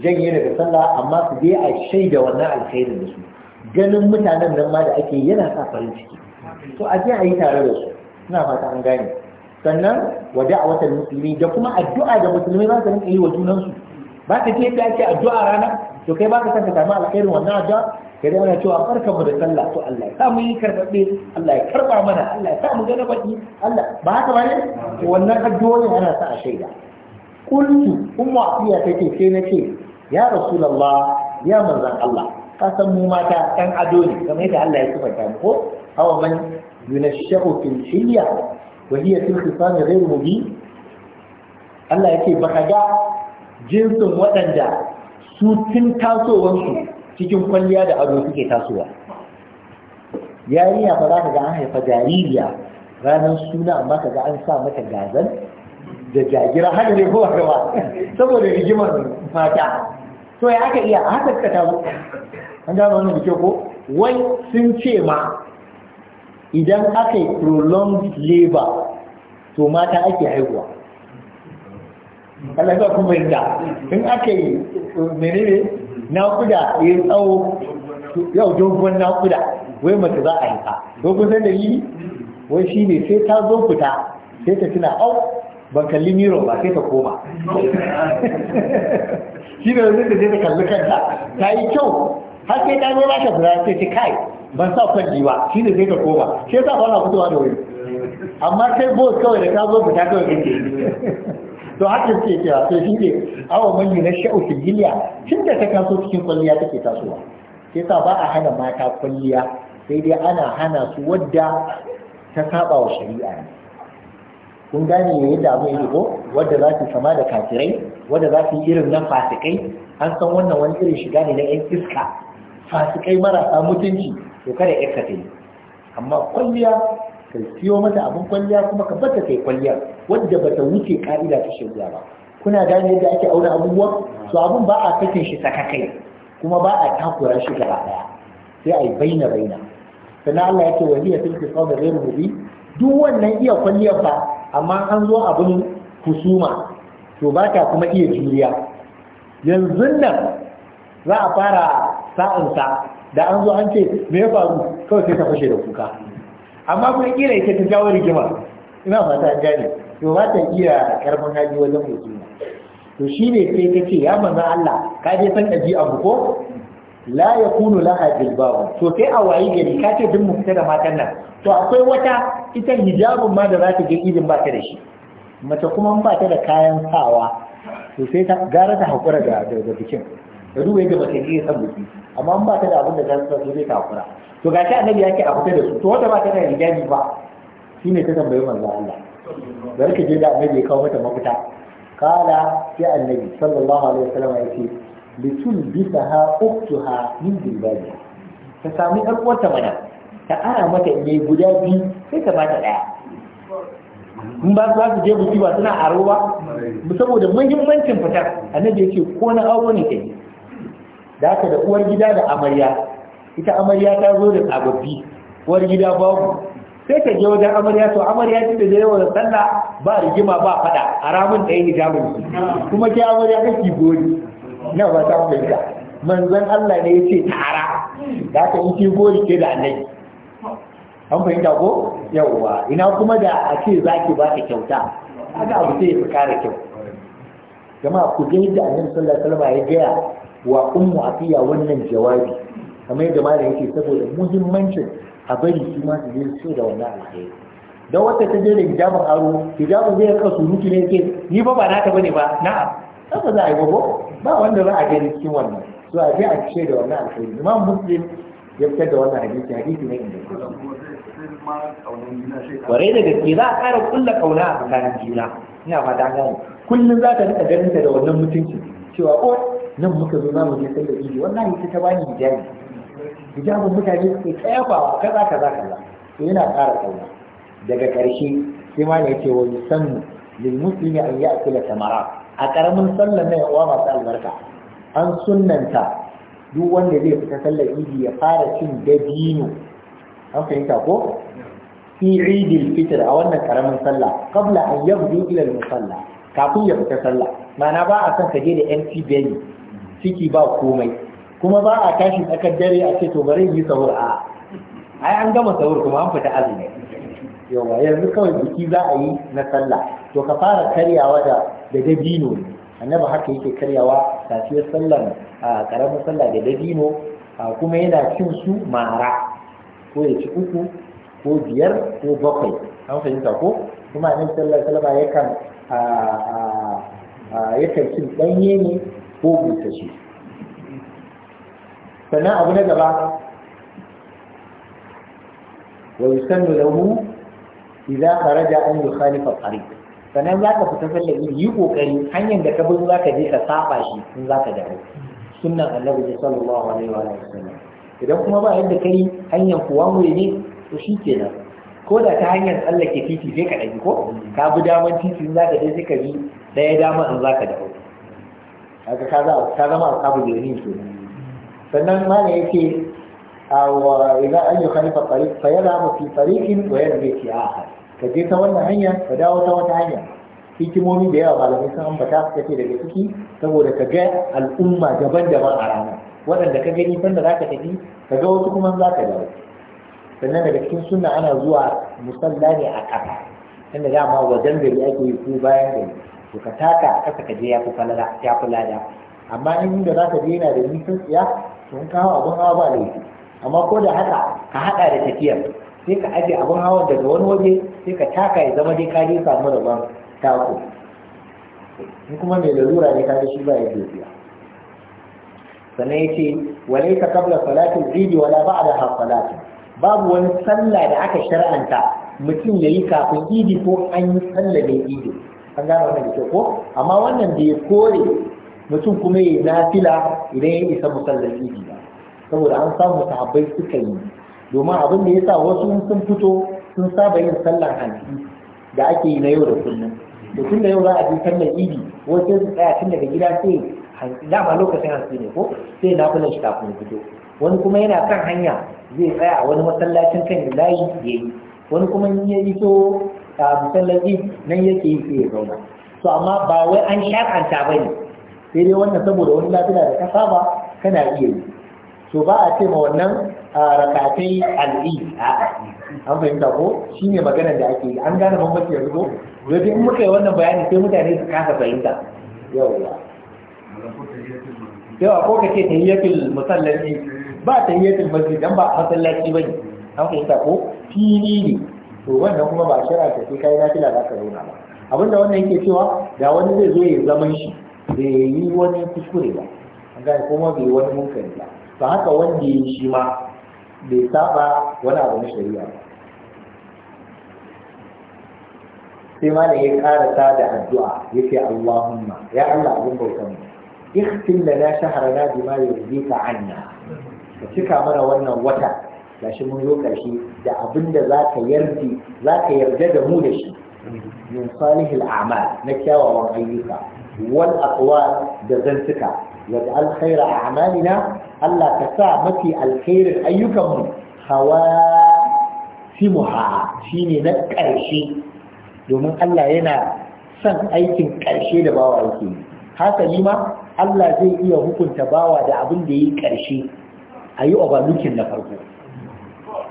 [SPEAKER 1] janye da sallah amma su je a da wannan alkhairin da su ganin mutanen nan ma da ake yana sa farin ciki to a a yi tare da su ina fata an gane sannan wa da'watul musulmi da kuma addu'a da musulmi za su rinka yi wa junansu ba ka je ka ce addu'a rana to kai ba ka san ka samu wannan addu'a kai ana cewa barka mu da sallah to Allah ya sa mu yi karbabe Allah ya karba mana Allah ya sa mu gane baki Allah ba haka bane to wannan addu'o'i ana sa a shaida qultu ummu afiya take sai nace ya rasulullah ya manzon Allah ka san mu mata ɗan ado ne kamar yadda Allah ya sifanta mu ko hawa man yunashahu fil hilya wa hiya fil khisam ghayr mubin Allah yake baka ga jinsin waɗanda su tun tasowansu cikin kwalliya da ado suke tasowa yariya ba za ka ga an haifa jaririya ranar suna amma ka ga an sa mata gazan da jagira haka ne kowa gaba saboda rigimar fata to ya aka iya a haka ta zo an gano wani da ko wai sun ce ma idan aka yi prolonged labor to mata ake haihuwa Allah ya kuma inda in aka yi menene naƙuda ya tsawo yau dogon naƙuda wai mace za a haifa dogon sai da yi wai shi ne sai ta zo fita sai ta tuna au ban kalli miro ba sai ta koma shi ne wanda ta kalli kanta ta yi kyau har sai ta zo za ta fita sai ta kai ban sa kwalli ba shi ne sai ta koma sai ta fara fitowa da wuri amma sai bos kawai da ta zo fita kawai kake to hakan ce cewa to shi ne awa man na sha'u giliya tun da ta kaso cikin kwalliya take tasowa sai sa ba a hana mata kwalliya sai dai ana hana su wadda ta saba wa shari'a ne kun gane yadda abin yake ko wadda za su sama da kafirai wadda za su yi irin na fasikai an san wannan wani irin shiga ne na yan iska fasikai marasa mutunci to kada ya ta yi amma kwalliya ka siyo mata abin kwalliya kuma ka bata kai kwalliya wadda bata wuce ka'ida ta shirya ba kuna gane yadda ake aure abubuwa to abin ba a kakin shi sakakai kuma ba a takura shi gaba daya sai a yi baina baina sannan Allah ya ce wa hiya tilka qawla ghayr mubi duk wannan iya kwalliyar ba amma an zo abin husuma to ba ta kuma iya juriya yanzu nan za a fara sa'insa da an zo an ce me ya faru kawai sai ta fashe da kuka amma kuma kira ita ta jawo rigima ina fata an gane to ba ta iya karfin hali wajen mutum to ne sai ta ce ya manzo Allah ka je san daji abu ko la yakunu laha jilbabu to sai a wayi gari ka ce duk mu fita da matan nan to akwai wata ita hijabun ma da za ta je idin ba ta da shi mace kuma ba ta da kayan sawa to sai ta gara ta hakura da bikin da ruwa yadda mace ke san biki amma ba ta da abin da zai su zai kafura to ga shi annabi yake a fita da su to wata ba ta da hijabi ba shine ta tambaye manzo Allah bari ka je da annabi ya kawo mata mafita kala ya annabi sallallahu alaihi wasallam ya ce bisaha uktuha min dilbaji ta sami ɗan uwarta mana ta ara mata ne guda biyu sai ta bata ɗaya in ba za su je musiba ba suna aro ba saboda muhimmancin fitar annabi yake ko na aure ne ta yi da haka da uwar gida da amarya ita amarya ta zo da sababbi uwar gida babu sai ka je wajen amarya to amarya ce da zai da sallah ba rigima ba fada haramun da ɗaya yi kuma ke amarya kake gori na ba ta fahimta manzon Allah ne ya ce tara da haka in ki gori ke da annabi an fahimta ko yawwa ina kuma da a ce zaki ba ta kyauta haka abu sai ya fi kara kyau jama'a ku ga yadda annabi sallallahu alaihi wasallam ya gaya wa ummu atiya wannan jawabi kamar yadda malam yake saboda muhimmancin a bari shi ma su je su da wannan alheri don wata ta je da hijabin aro hijabin zai ka surutu ne yake ni ba ba ta bane ba na'am ba za a yi gogo ba wanda za a gani cikin wannan so a je a ce da wannan alheri imam muslim ya fitar da wannan hadisi hadisi ne inda kwarai da gaske za a ƙara kulla kauna a tsakanin juna ina fata gane kullum za ta rika ganin ta da wannan mutunci cewa ko oh, nan muka zo za mu je da idi Wannan ita ta bani hijabi hijabin mutane suke tsayafawa kaza kaza kaza to yana ƙara kauna daga ƙarshe sai ma ya ce wani san lil muslimi an ya'kula samara a ƙaramin sallar na yawa masu albarka an sunnanta duk wanda zai fita sallar idi ya fara cin dabino an fahimta ko fi idil fitr a wannan karamin sallah qabla an yabdu ila al musalla kafin ya fita sallah ma'ana ba a san ka je da mt. belly ciki ba komai kuma ba a tashi tsakar dare a ce to bari yi sahur a ai an gama sahur kuma an fita azumi yawa yanzu kawai biki za a yi na sallah to ka fara karyawa da da dabino ne annabi haka yake karyawa safiyar sallar karamin sallah da dabino kuma yana cin su mara ko ya ci uku ko biyar ko bakwai an fahimta ko kuma annabi sallallahu alaihi yakan yakan cin ɗanye ne Ko kogunta su sannan abu na gaba wa yusannu lahu idan kharaja an yi yukhalifa tariq sannan za ka fita sallar yi kokari hanyar da ka bi za ka je ka saba shi in za ka dawo Sunan annabi sallallahu alaihi wa sallam idan kuma ba yadda ka yi hanyar kuwa mu ne to shi kenan ko da ta hanyar tsallake titi sai ka ɗauki ko ka bi daman titi in za ka je sai ka bi ɗaya daman in za ka dawo haka ka zama ashabu da yamin ke sannan ma ne yake wa idan an yi khalifa tariq fa yada mu fi tariqin wa yada bi ahad ka je ta wannan hanya ka dawo ta wata hanya hikimomi da yawa malamai sun ambata suka ce daga ciki saboda ka ga al'umma daban-daban a rana waɗanda ka gani sanda za ka tafi ka ga wasu kuma za ka dawo sannan daga cikin sunna ana zuwa musalla ne a ƙasa inda dama wajen gari ake yi ko bayan gari to ka taka a ƙasa ka je ya fi falala ya fi lada amma in da za ka je yana da nisan tsiya to in kawo abin hawa ba laifi amma ko da haka ka haɗa da tafiyar sai ka ajiye abin hawan daga wani waje sai ka taka ya zama dai ka je samu rabon taku. in kuma mai lalura ne ka shi ba ya biya sannan ya ce walai ka kabla salatin zidi wala ba'da ha salatin babu wani sallah da aka shar'anta mutum ya yi kafin idi ko an yi sallah mai idi an gano wannan da kyau ko amma wannan da ya kore mutum kuma ya fila idan ya isa musallar idi ba saboda an samu sahabbai suka yi domin abin da ya sa wasu sun fito sun saba yin sallar hanci da ake yi na yau da kullum Da tun da yau za a je sallar idi wasu su tsaya tun daga gida sai dama lokacin hanci ne ko sai na nafilan shi kafin fito wani kuma yana kan hanya zai tsaya wani masallacin kan layi ya yi wani kuma in ya iso hadisan lazi nan yake yi fiye zauna to amma ba wai an shakanta ba ne sai dai wannan saboda wani lafiya da kasa ba kana iya yi to ba a ce ma wannan rakatai al'i a an fahimta ko shi ne maganar da ake yi an gane bambanci yanzu ko yadda in muka yi wannan bayani sai mutane su kasa fahimta yawwa yawa ko ka ce tahiyatul musallaci ba tahiyatul masjid dan ba masallaci bane an fahimta ko fili ne to wannan kuma ba a shara ta sai kai nafila za ka zauna ba abinda wannan yake cewa da wani zai zo ya zaman shi da ya yi wani kuskure ba an gane kuma bai wani munkari ba to haka wanda ya yi shi ma bai saba wani abu na shari'a ba sai ma ya karata da addu'a ya yake Allahumma ya Allah abin bautan mu na lana shahrana bima yurdika anna ka cika mana wannan wata gashi mun zo karshe da abin da za ka yarda za ka yarda da mu da shi min salihil a'mal na kyawawan ayyuka wal aqwal da zantuka wa al a a'malina Allah ka sa mafi alkhairin ayyukan mu hawa simuha shine na karshe domin Allah yana son aikin karshe da bawa yake haka ni ma Allah zai iya hukunta bawa da abin da yi karshe ayi overlooking na farko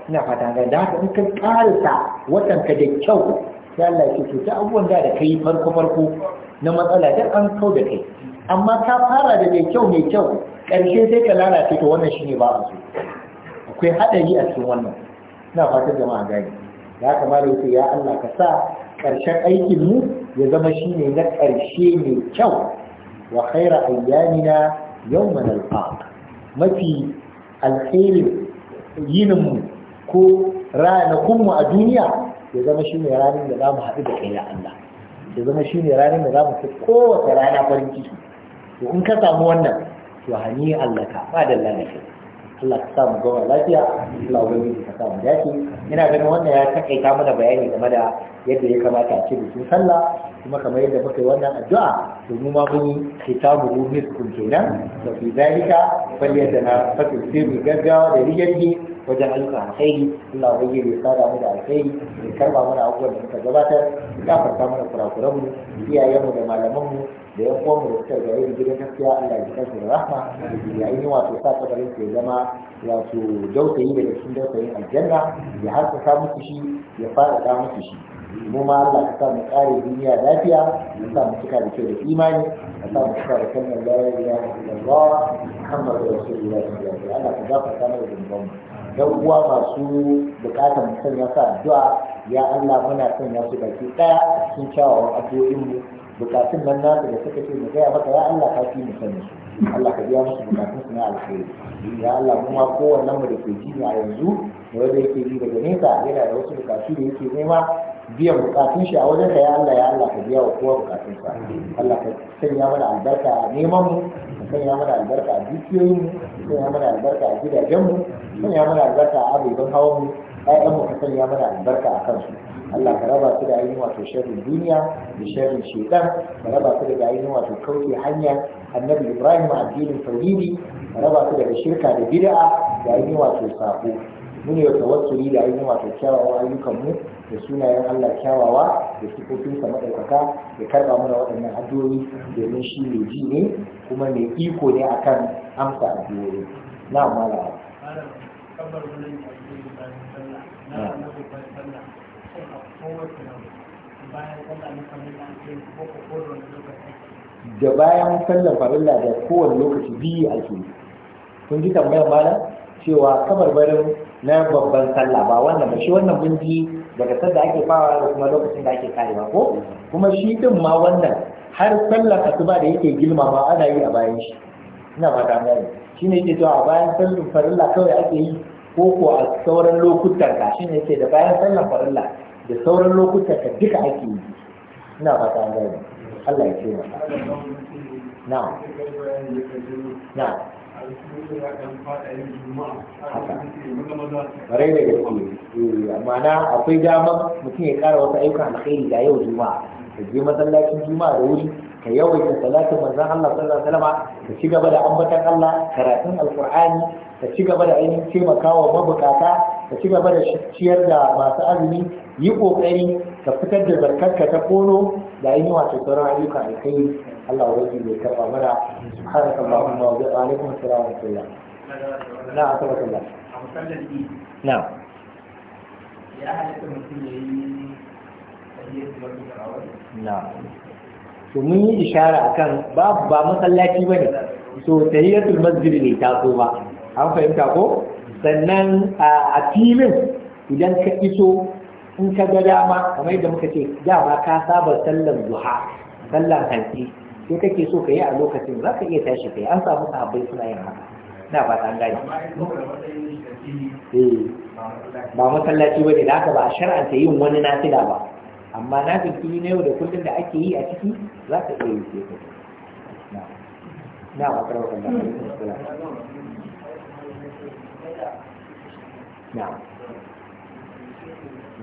[SPEAKER 1] ina fata ga da in ka karasa watan ka da kyau sai Allah ya ta abubuwan da da kai farko farko na matsala da an kau da kai amma ka fara da mai kyau mai kyau ƙarshe sai ka lalace to wannan shine ba a akwai haɗari a cikin wannan ina fatan jama'a gani ya kamata yake ya Allah ka sa ƙarshen aikin mu ya zama shine na ƙarshe mai kyau wa khaira ayyamina yawmal alqa mafi alkhairin yinin mu ko kunmu a duniya ya zama shi ne ranar da za mu haɗu da kai Allah ya zama shi ne ranar da za mu fi kowace rana farin ciki to in ka samu wannan to hani Allah ka ba da lalace Allah ka samu gama lafiya Allah ubangiji ka samu dace ina ganin wannan ya takaita mana bayani game da yadda ya kamata a ce bikin sallah kuma kamar yadda muka yi wannan addu'a to mu ma mun kitabu rumis kun kenan da fi zalika falyata na fatin sirri gaggawa da rigirgi wajen ayyukan alkhairi Allah wajen ya sada mu da alkhairi ya karba mana abubuwan da muka gabatar ya farka mana kurakuran mu iyayen mu da malaman mu da yan uwan mu da suka gare mu gidan gaskiya Allah ya ji kansu da rahma ya yi wato sa kabarin ya zama wato dausayi da cikin dausayin aljanna ya harkasa musu shi ya da musu shi mu ma Allah ka sa mu kare duniya lafiya ya sa mu cika da kyau da imani ya sa mu cika da kalmar la ilaha illallah Muhammadu rasulullah Allah ka gafarta mana da zunubanmu dan uwa masu bukatar mutum ya sa addu'a ya Allah muna son ya su baki daya a cikin kyawawan addu'o'in mu bukatun nan nasu da suka ce mu gaya maka ya Allah ka fi mu sani Allah ka biya musu bukatun su na alheri ya Allah ma kowannen mu da ke ji a yanzu da wanda yake ji daga nesa yana da wasu bukatu da yake nema biyan bukatun shi a wajen ka ya Allah ya Allah ka biya wa kowa bukatun sa Allah ka sanya mana albarka a neman mu sanya mana albarka a dukiyoyinmu sanya mana albarka a gidajenmu sanya mana albarka a abubuwan hawan mu ƴaƴanmu ka sanya mana albarka a kansu Allah ka raba su da ainihin wato sharrin duniya da sharrin shedan ka raba su da ainihin wato kauce hanya annabi Ibrahim addinin tauhidi ka raba su daga shirka da bid'a da ainihin wato sako mune tawassuli da ainihin wato kyawawan ayyukan mu da sunayen Allah kyawawa da sifofinsa maɗaukaka ya karɓa mana waɗannan addu'o'i domin shi ne ji ne kuma mai iko ne akan amsa addu'o'i na mala da bayan sallar farilla da kowane lokaci biyu ake kun ji tambayar malam cewa kabarbarin na babban sallah ba wannan ba shi wannan mun ji daga sanda ake fara da kuma lokacin da ake karewa ko kuma shi din ma wannan har sallar asuba da yake ma ana yi a bayan shi ina fata gani ne yake cewa a bayan sallar farilla kawai ake yi ko ko a sauran lokutan ka shi ne yake da bayan sallar farilla da sauran lokutan ka duka ake yi ina fata gani Allah ya ce na na Bare da gaske, eh, ma'ana akwai damar mutum ya kara wasu ayyukan alkhairi da yau juma'a, ka je masallacin juma'a da wuri, ka yawaita salatin manzon Allah sallallahu alaihi wasallam, ka ci gaba da ambatan Allah, karatun alkur'ani, ka ci gaba da ainihin wa mabukata ka ci gaba da ciyar da masu azumi yi kokari ka fitar da zarkarka ta kono da ainihin wato sauran ayyuka da kai Allah wajen bai karɓa mana subhanaka allahumma wa bihamdika assalamu alaikum na A alaikum na ya halatta mutum ya yi na to mun yi ishara akan babu ba masallaci bane to tayyatul masjid ne ta so ba an fahimta ko sannan a filin idan ka iso in ka ga dama kamar yadda muka ce dama ka saba sallar duha sallar hantsi ko kake so ka yi a lokacin za ka iya tashi ka yi an samu sahabbai suna yin haka na ba ta gani ba masallaci ba ne da haka ba a shar'anta yin wani nafila ba amma na fili na yau da kullum da ake yi a ciki za ka iya yi sai ka na ba karwa kan da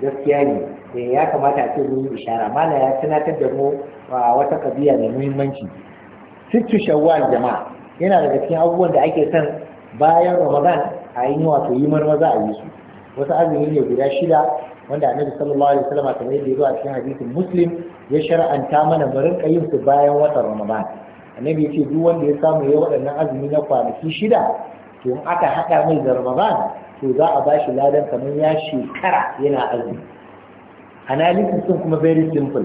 [SPEAKER 1] gaskiya ne eh ya kamata a ce mun yi ishara mala ya tunatar da mu wata kabiya da muhimmanci sittu shawwal jama'a yana daga cikin abubuwan da ake son bayan ramadan a yi wato yi marmaza a yi su wasu azumi ne guda shida wanda annabi sallallahu alaihi wasallam kamar yadda ya zo a cikin hadisin muslim ya shar'anta mana mu rinka yin su bayan watan ramadan annabi ya ce duk wanda ya samu ya waɗannan azumi na kwanaki shida to aka haɗa mai da ramadan to za a bashi ladan kamar ya shekara yana azumi analysis sun kuma very simple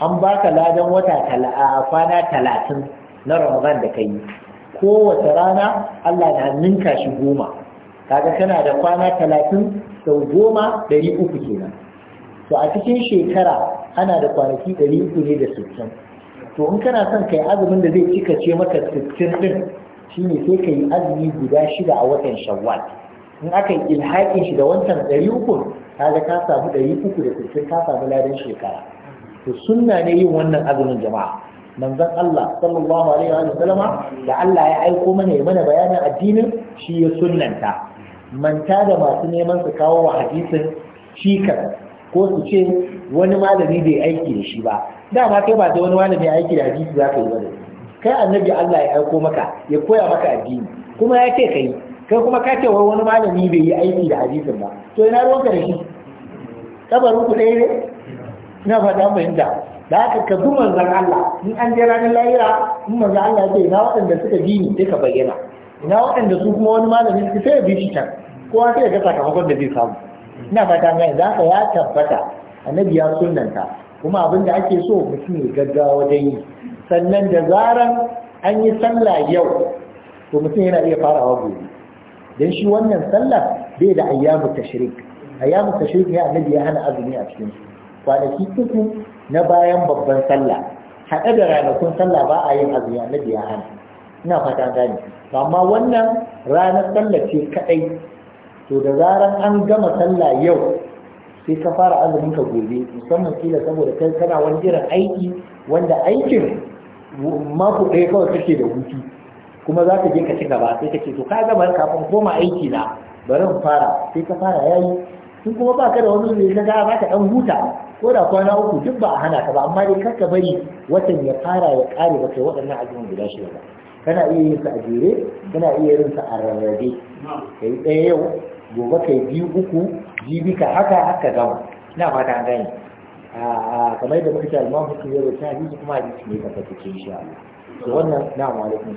[SPEAKER 1] an baka ladan wata a kwana talatin na ramadan da ka yi kowace rana allah na ninka shi goma kaga kana da kwana talatin sau goma ɗari uku kenan to a cikin shekara ana da kwanaki ɗari uku ne da sittin to in kana son kai azumin da zai cika ce maka sittin din, shine sai ka yi azumi guda shida a watan shawwal in aka yi ilhaƙin shi da wancan ɗari uku kaga ka samu ɗari uku da sittin ka samu ladan shekara to sunna ne yin wannan azumin jama'a manzon Allah sallallahu alaihi wa sallama da Allah ya aiko mana ya mana bayanin addinin shi ya sunnanta manta da masu neman su kawo wa hadisin cikas ko su ce wani malami bai aiki da shi ba dama kai ba da wani malami ya aiki da hadisi za ka yi ba kai annabi Allah ya aiko maka ya koya maka addini kuma ya ce ka yi kai kuma ka ce wai wani malami bai yi aiki da hadisin ba to ina ruwanka da shi kabarin ku ɗaya ne ina fata fahimta da aka ka bi manzon Allah in an je ranar lahira in manzon Allah ya ce ina waɗanda suka bi ni ka bayyana ina waɗanda su kuma wani malami suka sai ya bi shi can kowa sai ya ga sakamakon da zai samu ina fata mai za ka ya tabbata annabi ya sunnanta kuma abin da ake so mutum ya gaggawa wajen yi sannan da zaran an yi sallah yau to mutum yana iya farawa gobe dan shi wannan sallah bai da ayyamu tashrik ayyamu tashrik ne annabi ya hana azumi a cikin su kwanaki uku na bayan babban sallah haɗe da ranakun sallah ba a yin azumi annabi ya hana ina fata gane amma wannan ranar sallah ce kadai to da zaran an gama sallah yau sai ka fara azumin ka gobe musamman kila saboda kai kana wani irin aiki wanda aikin mako ɗaya kawai kake da hutu kuma za ka je ka ci gaba sai ka ce to ka gama kafin koma aiki na bari in fara sai ka fara yayi Tun kuma ba ka da wani ne na ba ka dan huta ko da kwana uku duk ba a hana ka ba amma dai kar ka bari watan ya fara ya kare ba kai waɗannan azumin guda shi ba kana iya yin sa a jere kana iya yin sa a rarrabe kai ɗaya yau gobe kai biyu uku jibi ka haka haka gama ina fata an gane kamar yadda muka ce almahu su a ta kuma hadisi ne ka fata shi a Allah to wannan na alaikum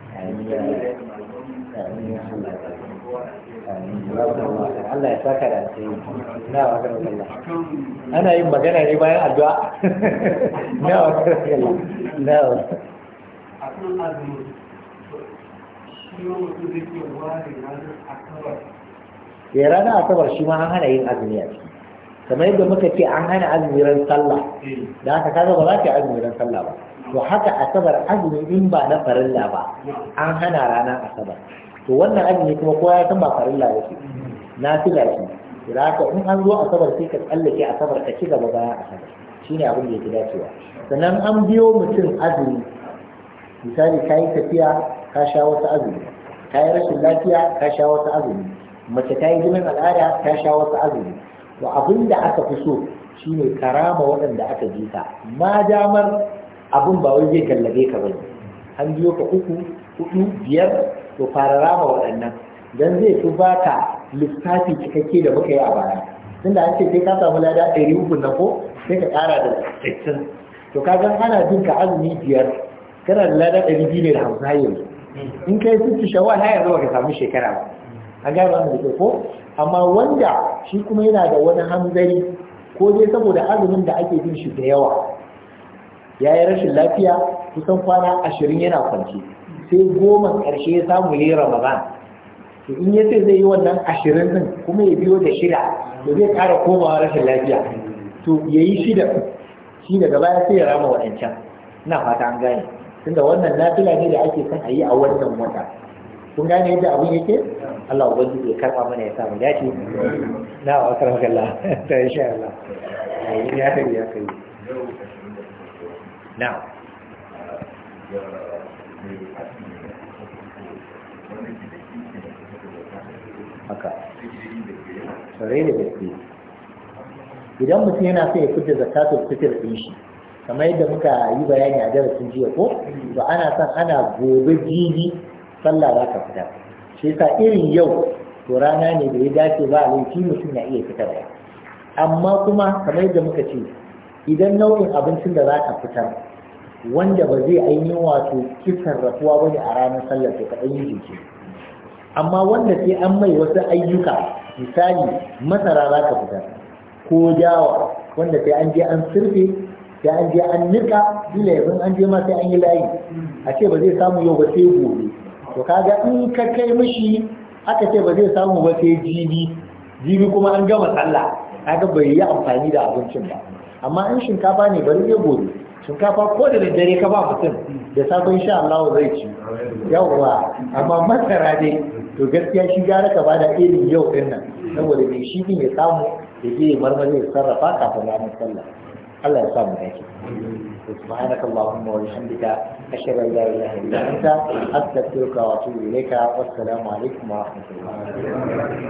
[SPEAKER 1] Allah ya saka da ce na wa kan Allah ana yin magana ne bayan addu'a na wa kan Allah na wa
[SPEAKER 2] akan azumi shi mutum zai ke ware ranar
[SPEAKER 1] ya ranar asabar shi ma an hana yin azumi a ciki kamar yadda muka ce an hana azumi ran sallah eh. da haka kaga ba za ka yi azumi ran sallah ba to haka asabar azumi in ba na farilla ba an hana ranar asabar to wannan azumi kuma kowa ya san ba farilla na fila shi da haka in an zo asabar sai ka tsallake asabar ka ci gaba bayan asabar shine abin da yake dacewa sannan an biyo mutum azumi misali ka yi tafiya ka sha wasu azumi ka yi rashin lafiya ka sha wasu azumi mace ta yi jinin al'ada ta sha wasu azumi to abin da aka fi so shine karama waɗanda aka jita ma damar abin ba wai zai gallabe ka bane an biyo ka uku hudu biyar to fara rama waɗannan dan zai fi baka lissafi cikakke da muka yi a baya tunda an ce sai ka samu lada ɗari uku na ko sai ka ƙara da sittin to ka ga ana bin ka azumi biyar kana da lada ɗari biyu ne da hamsin yanzu in kai fi shawar haya yanzu ka samu shekara ba an gaba da da ko amma wanda shi kuma yana da wani hanzari ko dai saboda azumin da ake bin shi da yawa ya yi rashin lafiya kusan kwana ashirin yana kwance sai goma ƙarshe ya samu yi ramadan to in ya sai zai yi wannan ashirin din kuma ya biyo da shida to zai ƙara komawa rashin lafiya to ya yi shida shi daga baya sai ya rama waɗancan ina fata an gane tunda wannan nafila ne da ake son a yi a wannan wata kun gane yadda abin yake Allah ubangiji ya karɓa mana ya samu dace na wa karfa Allah ta insha Allah ya kai ya kai na haka da gaske idan mutum yana so ya da zakatun fitar ɗin shi kamar yadda muka yi bayani a darasin jiya ko ba ana son ana gobe jibi sallah za ka fita shi yasa irin yau to rana ne da ya dace ba a laifi mutum ya iya da. amma kuma kamar yadda muka ce idan nau'in abincin da za ka fitar wanda ba zai ainihin wato kisan rafuwa wani a ranar sallar to kaɗan yi jiki amma wanda sai an mai wasu ayyuka misali masara za ka fitar ko dawa wanda sai an je an sirfe sai an je an nika dole yanzu an je ma sai an yi layi a ce ba zai samu yau ba sai gobe to kaga in ka kai mishi aka ce ba zai samu ba sai jibi jibi kuma an gama sallah kaga bai yi amfani da abincin ba amma in shinkafa ne bari ya gobe shinkafa ko da daddare ka ba mutum da sabon sha Allah zai ci yawwa amma masara dai to gaskiya shi gara ka bada irin yau din nan saboda mai shi din ya samu ya je ya marmari ya sarrafa kafin ranar sallah Allah ya samu dace سبحانك اللهم وبحمدك أشهد أن لا إله إلا أنت أستغفرك وأتوب إليك والسلام عليكم ورحمة الله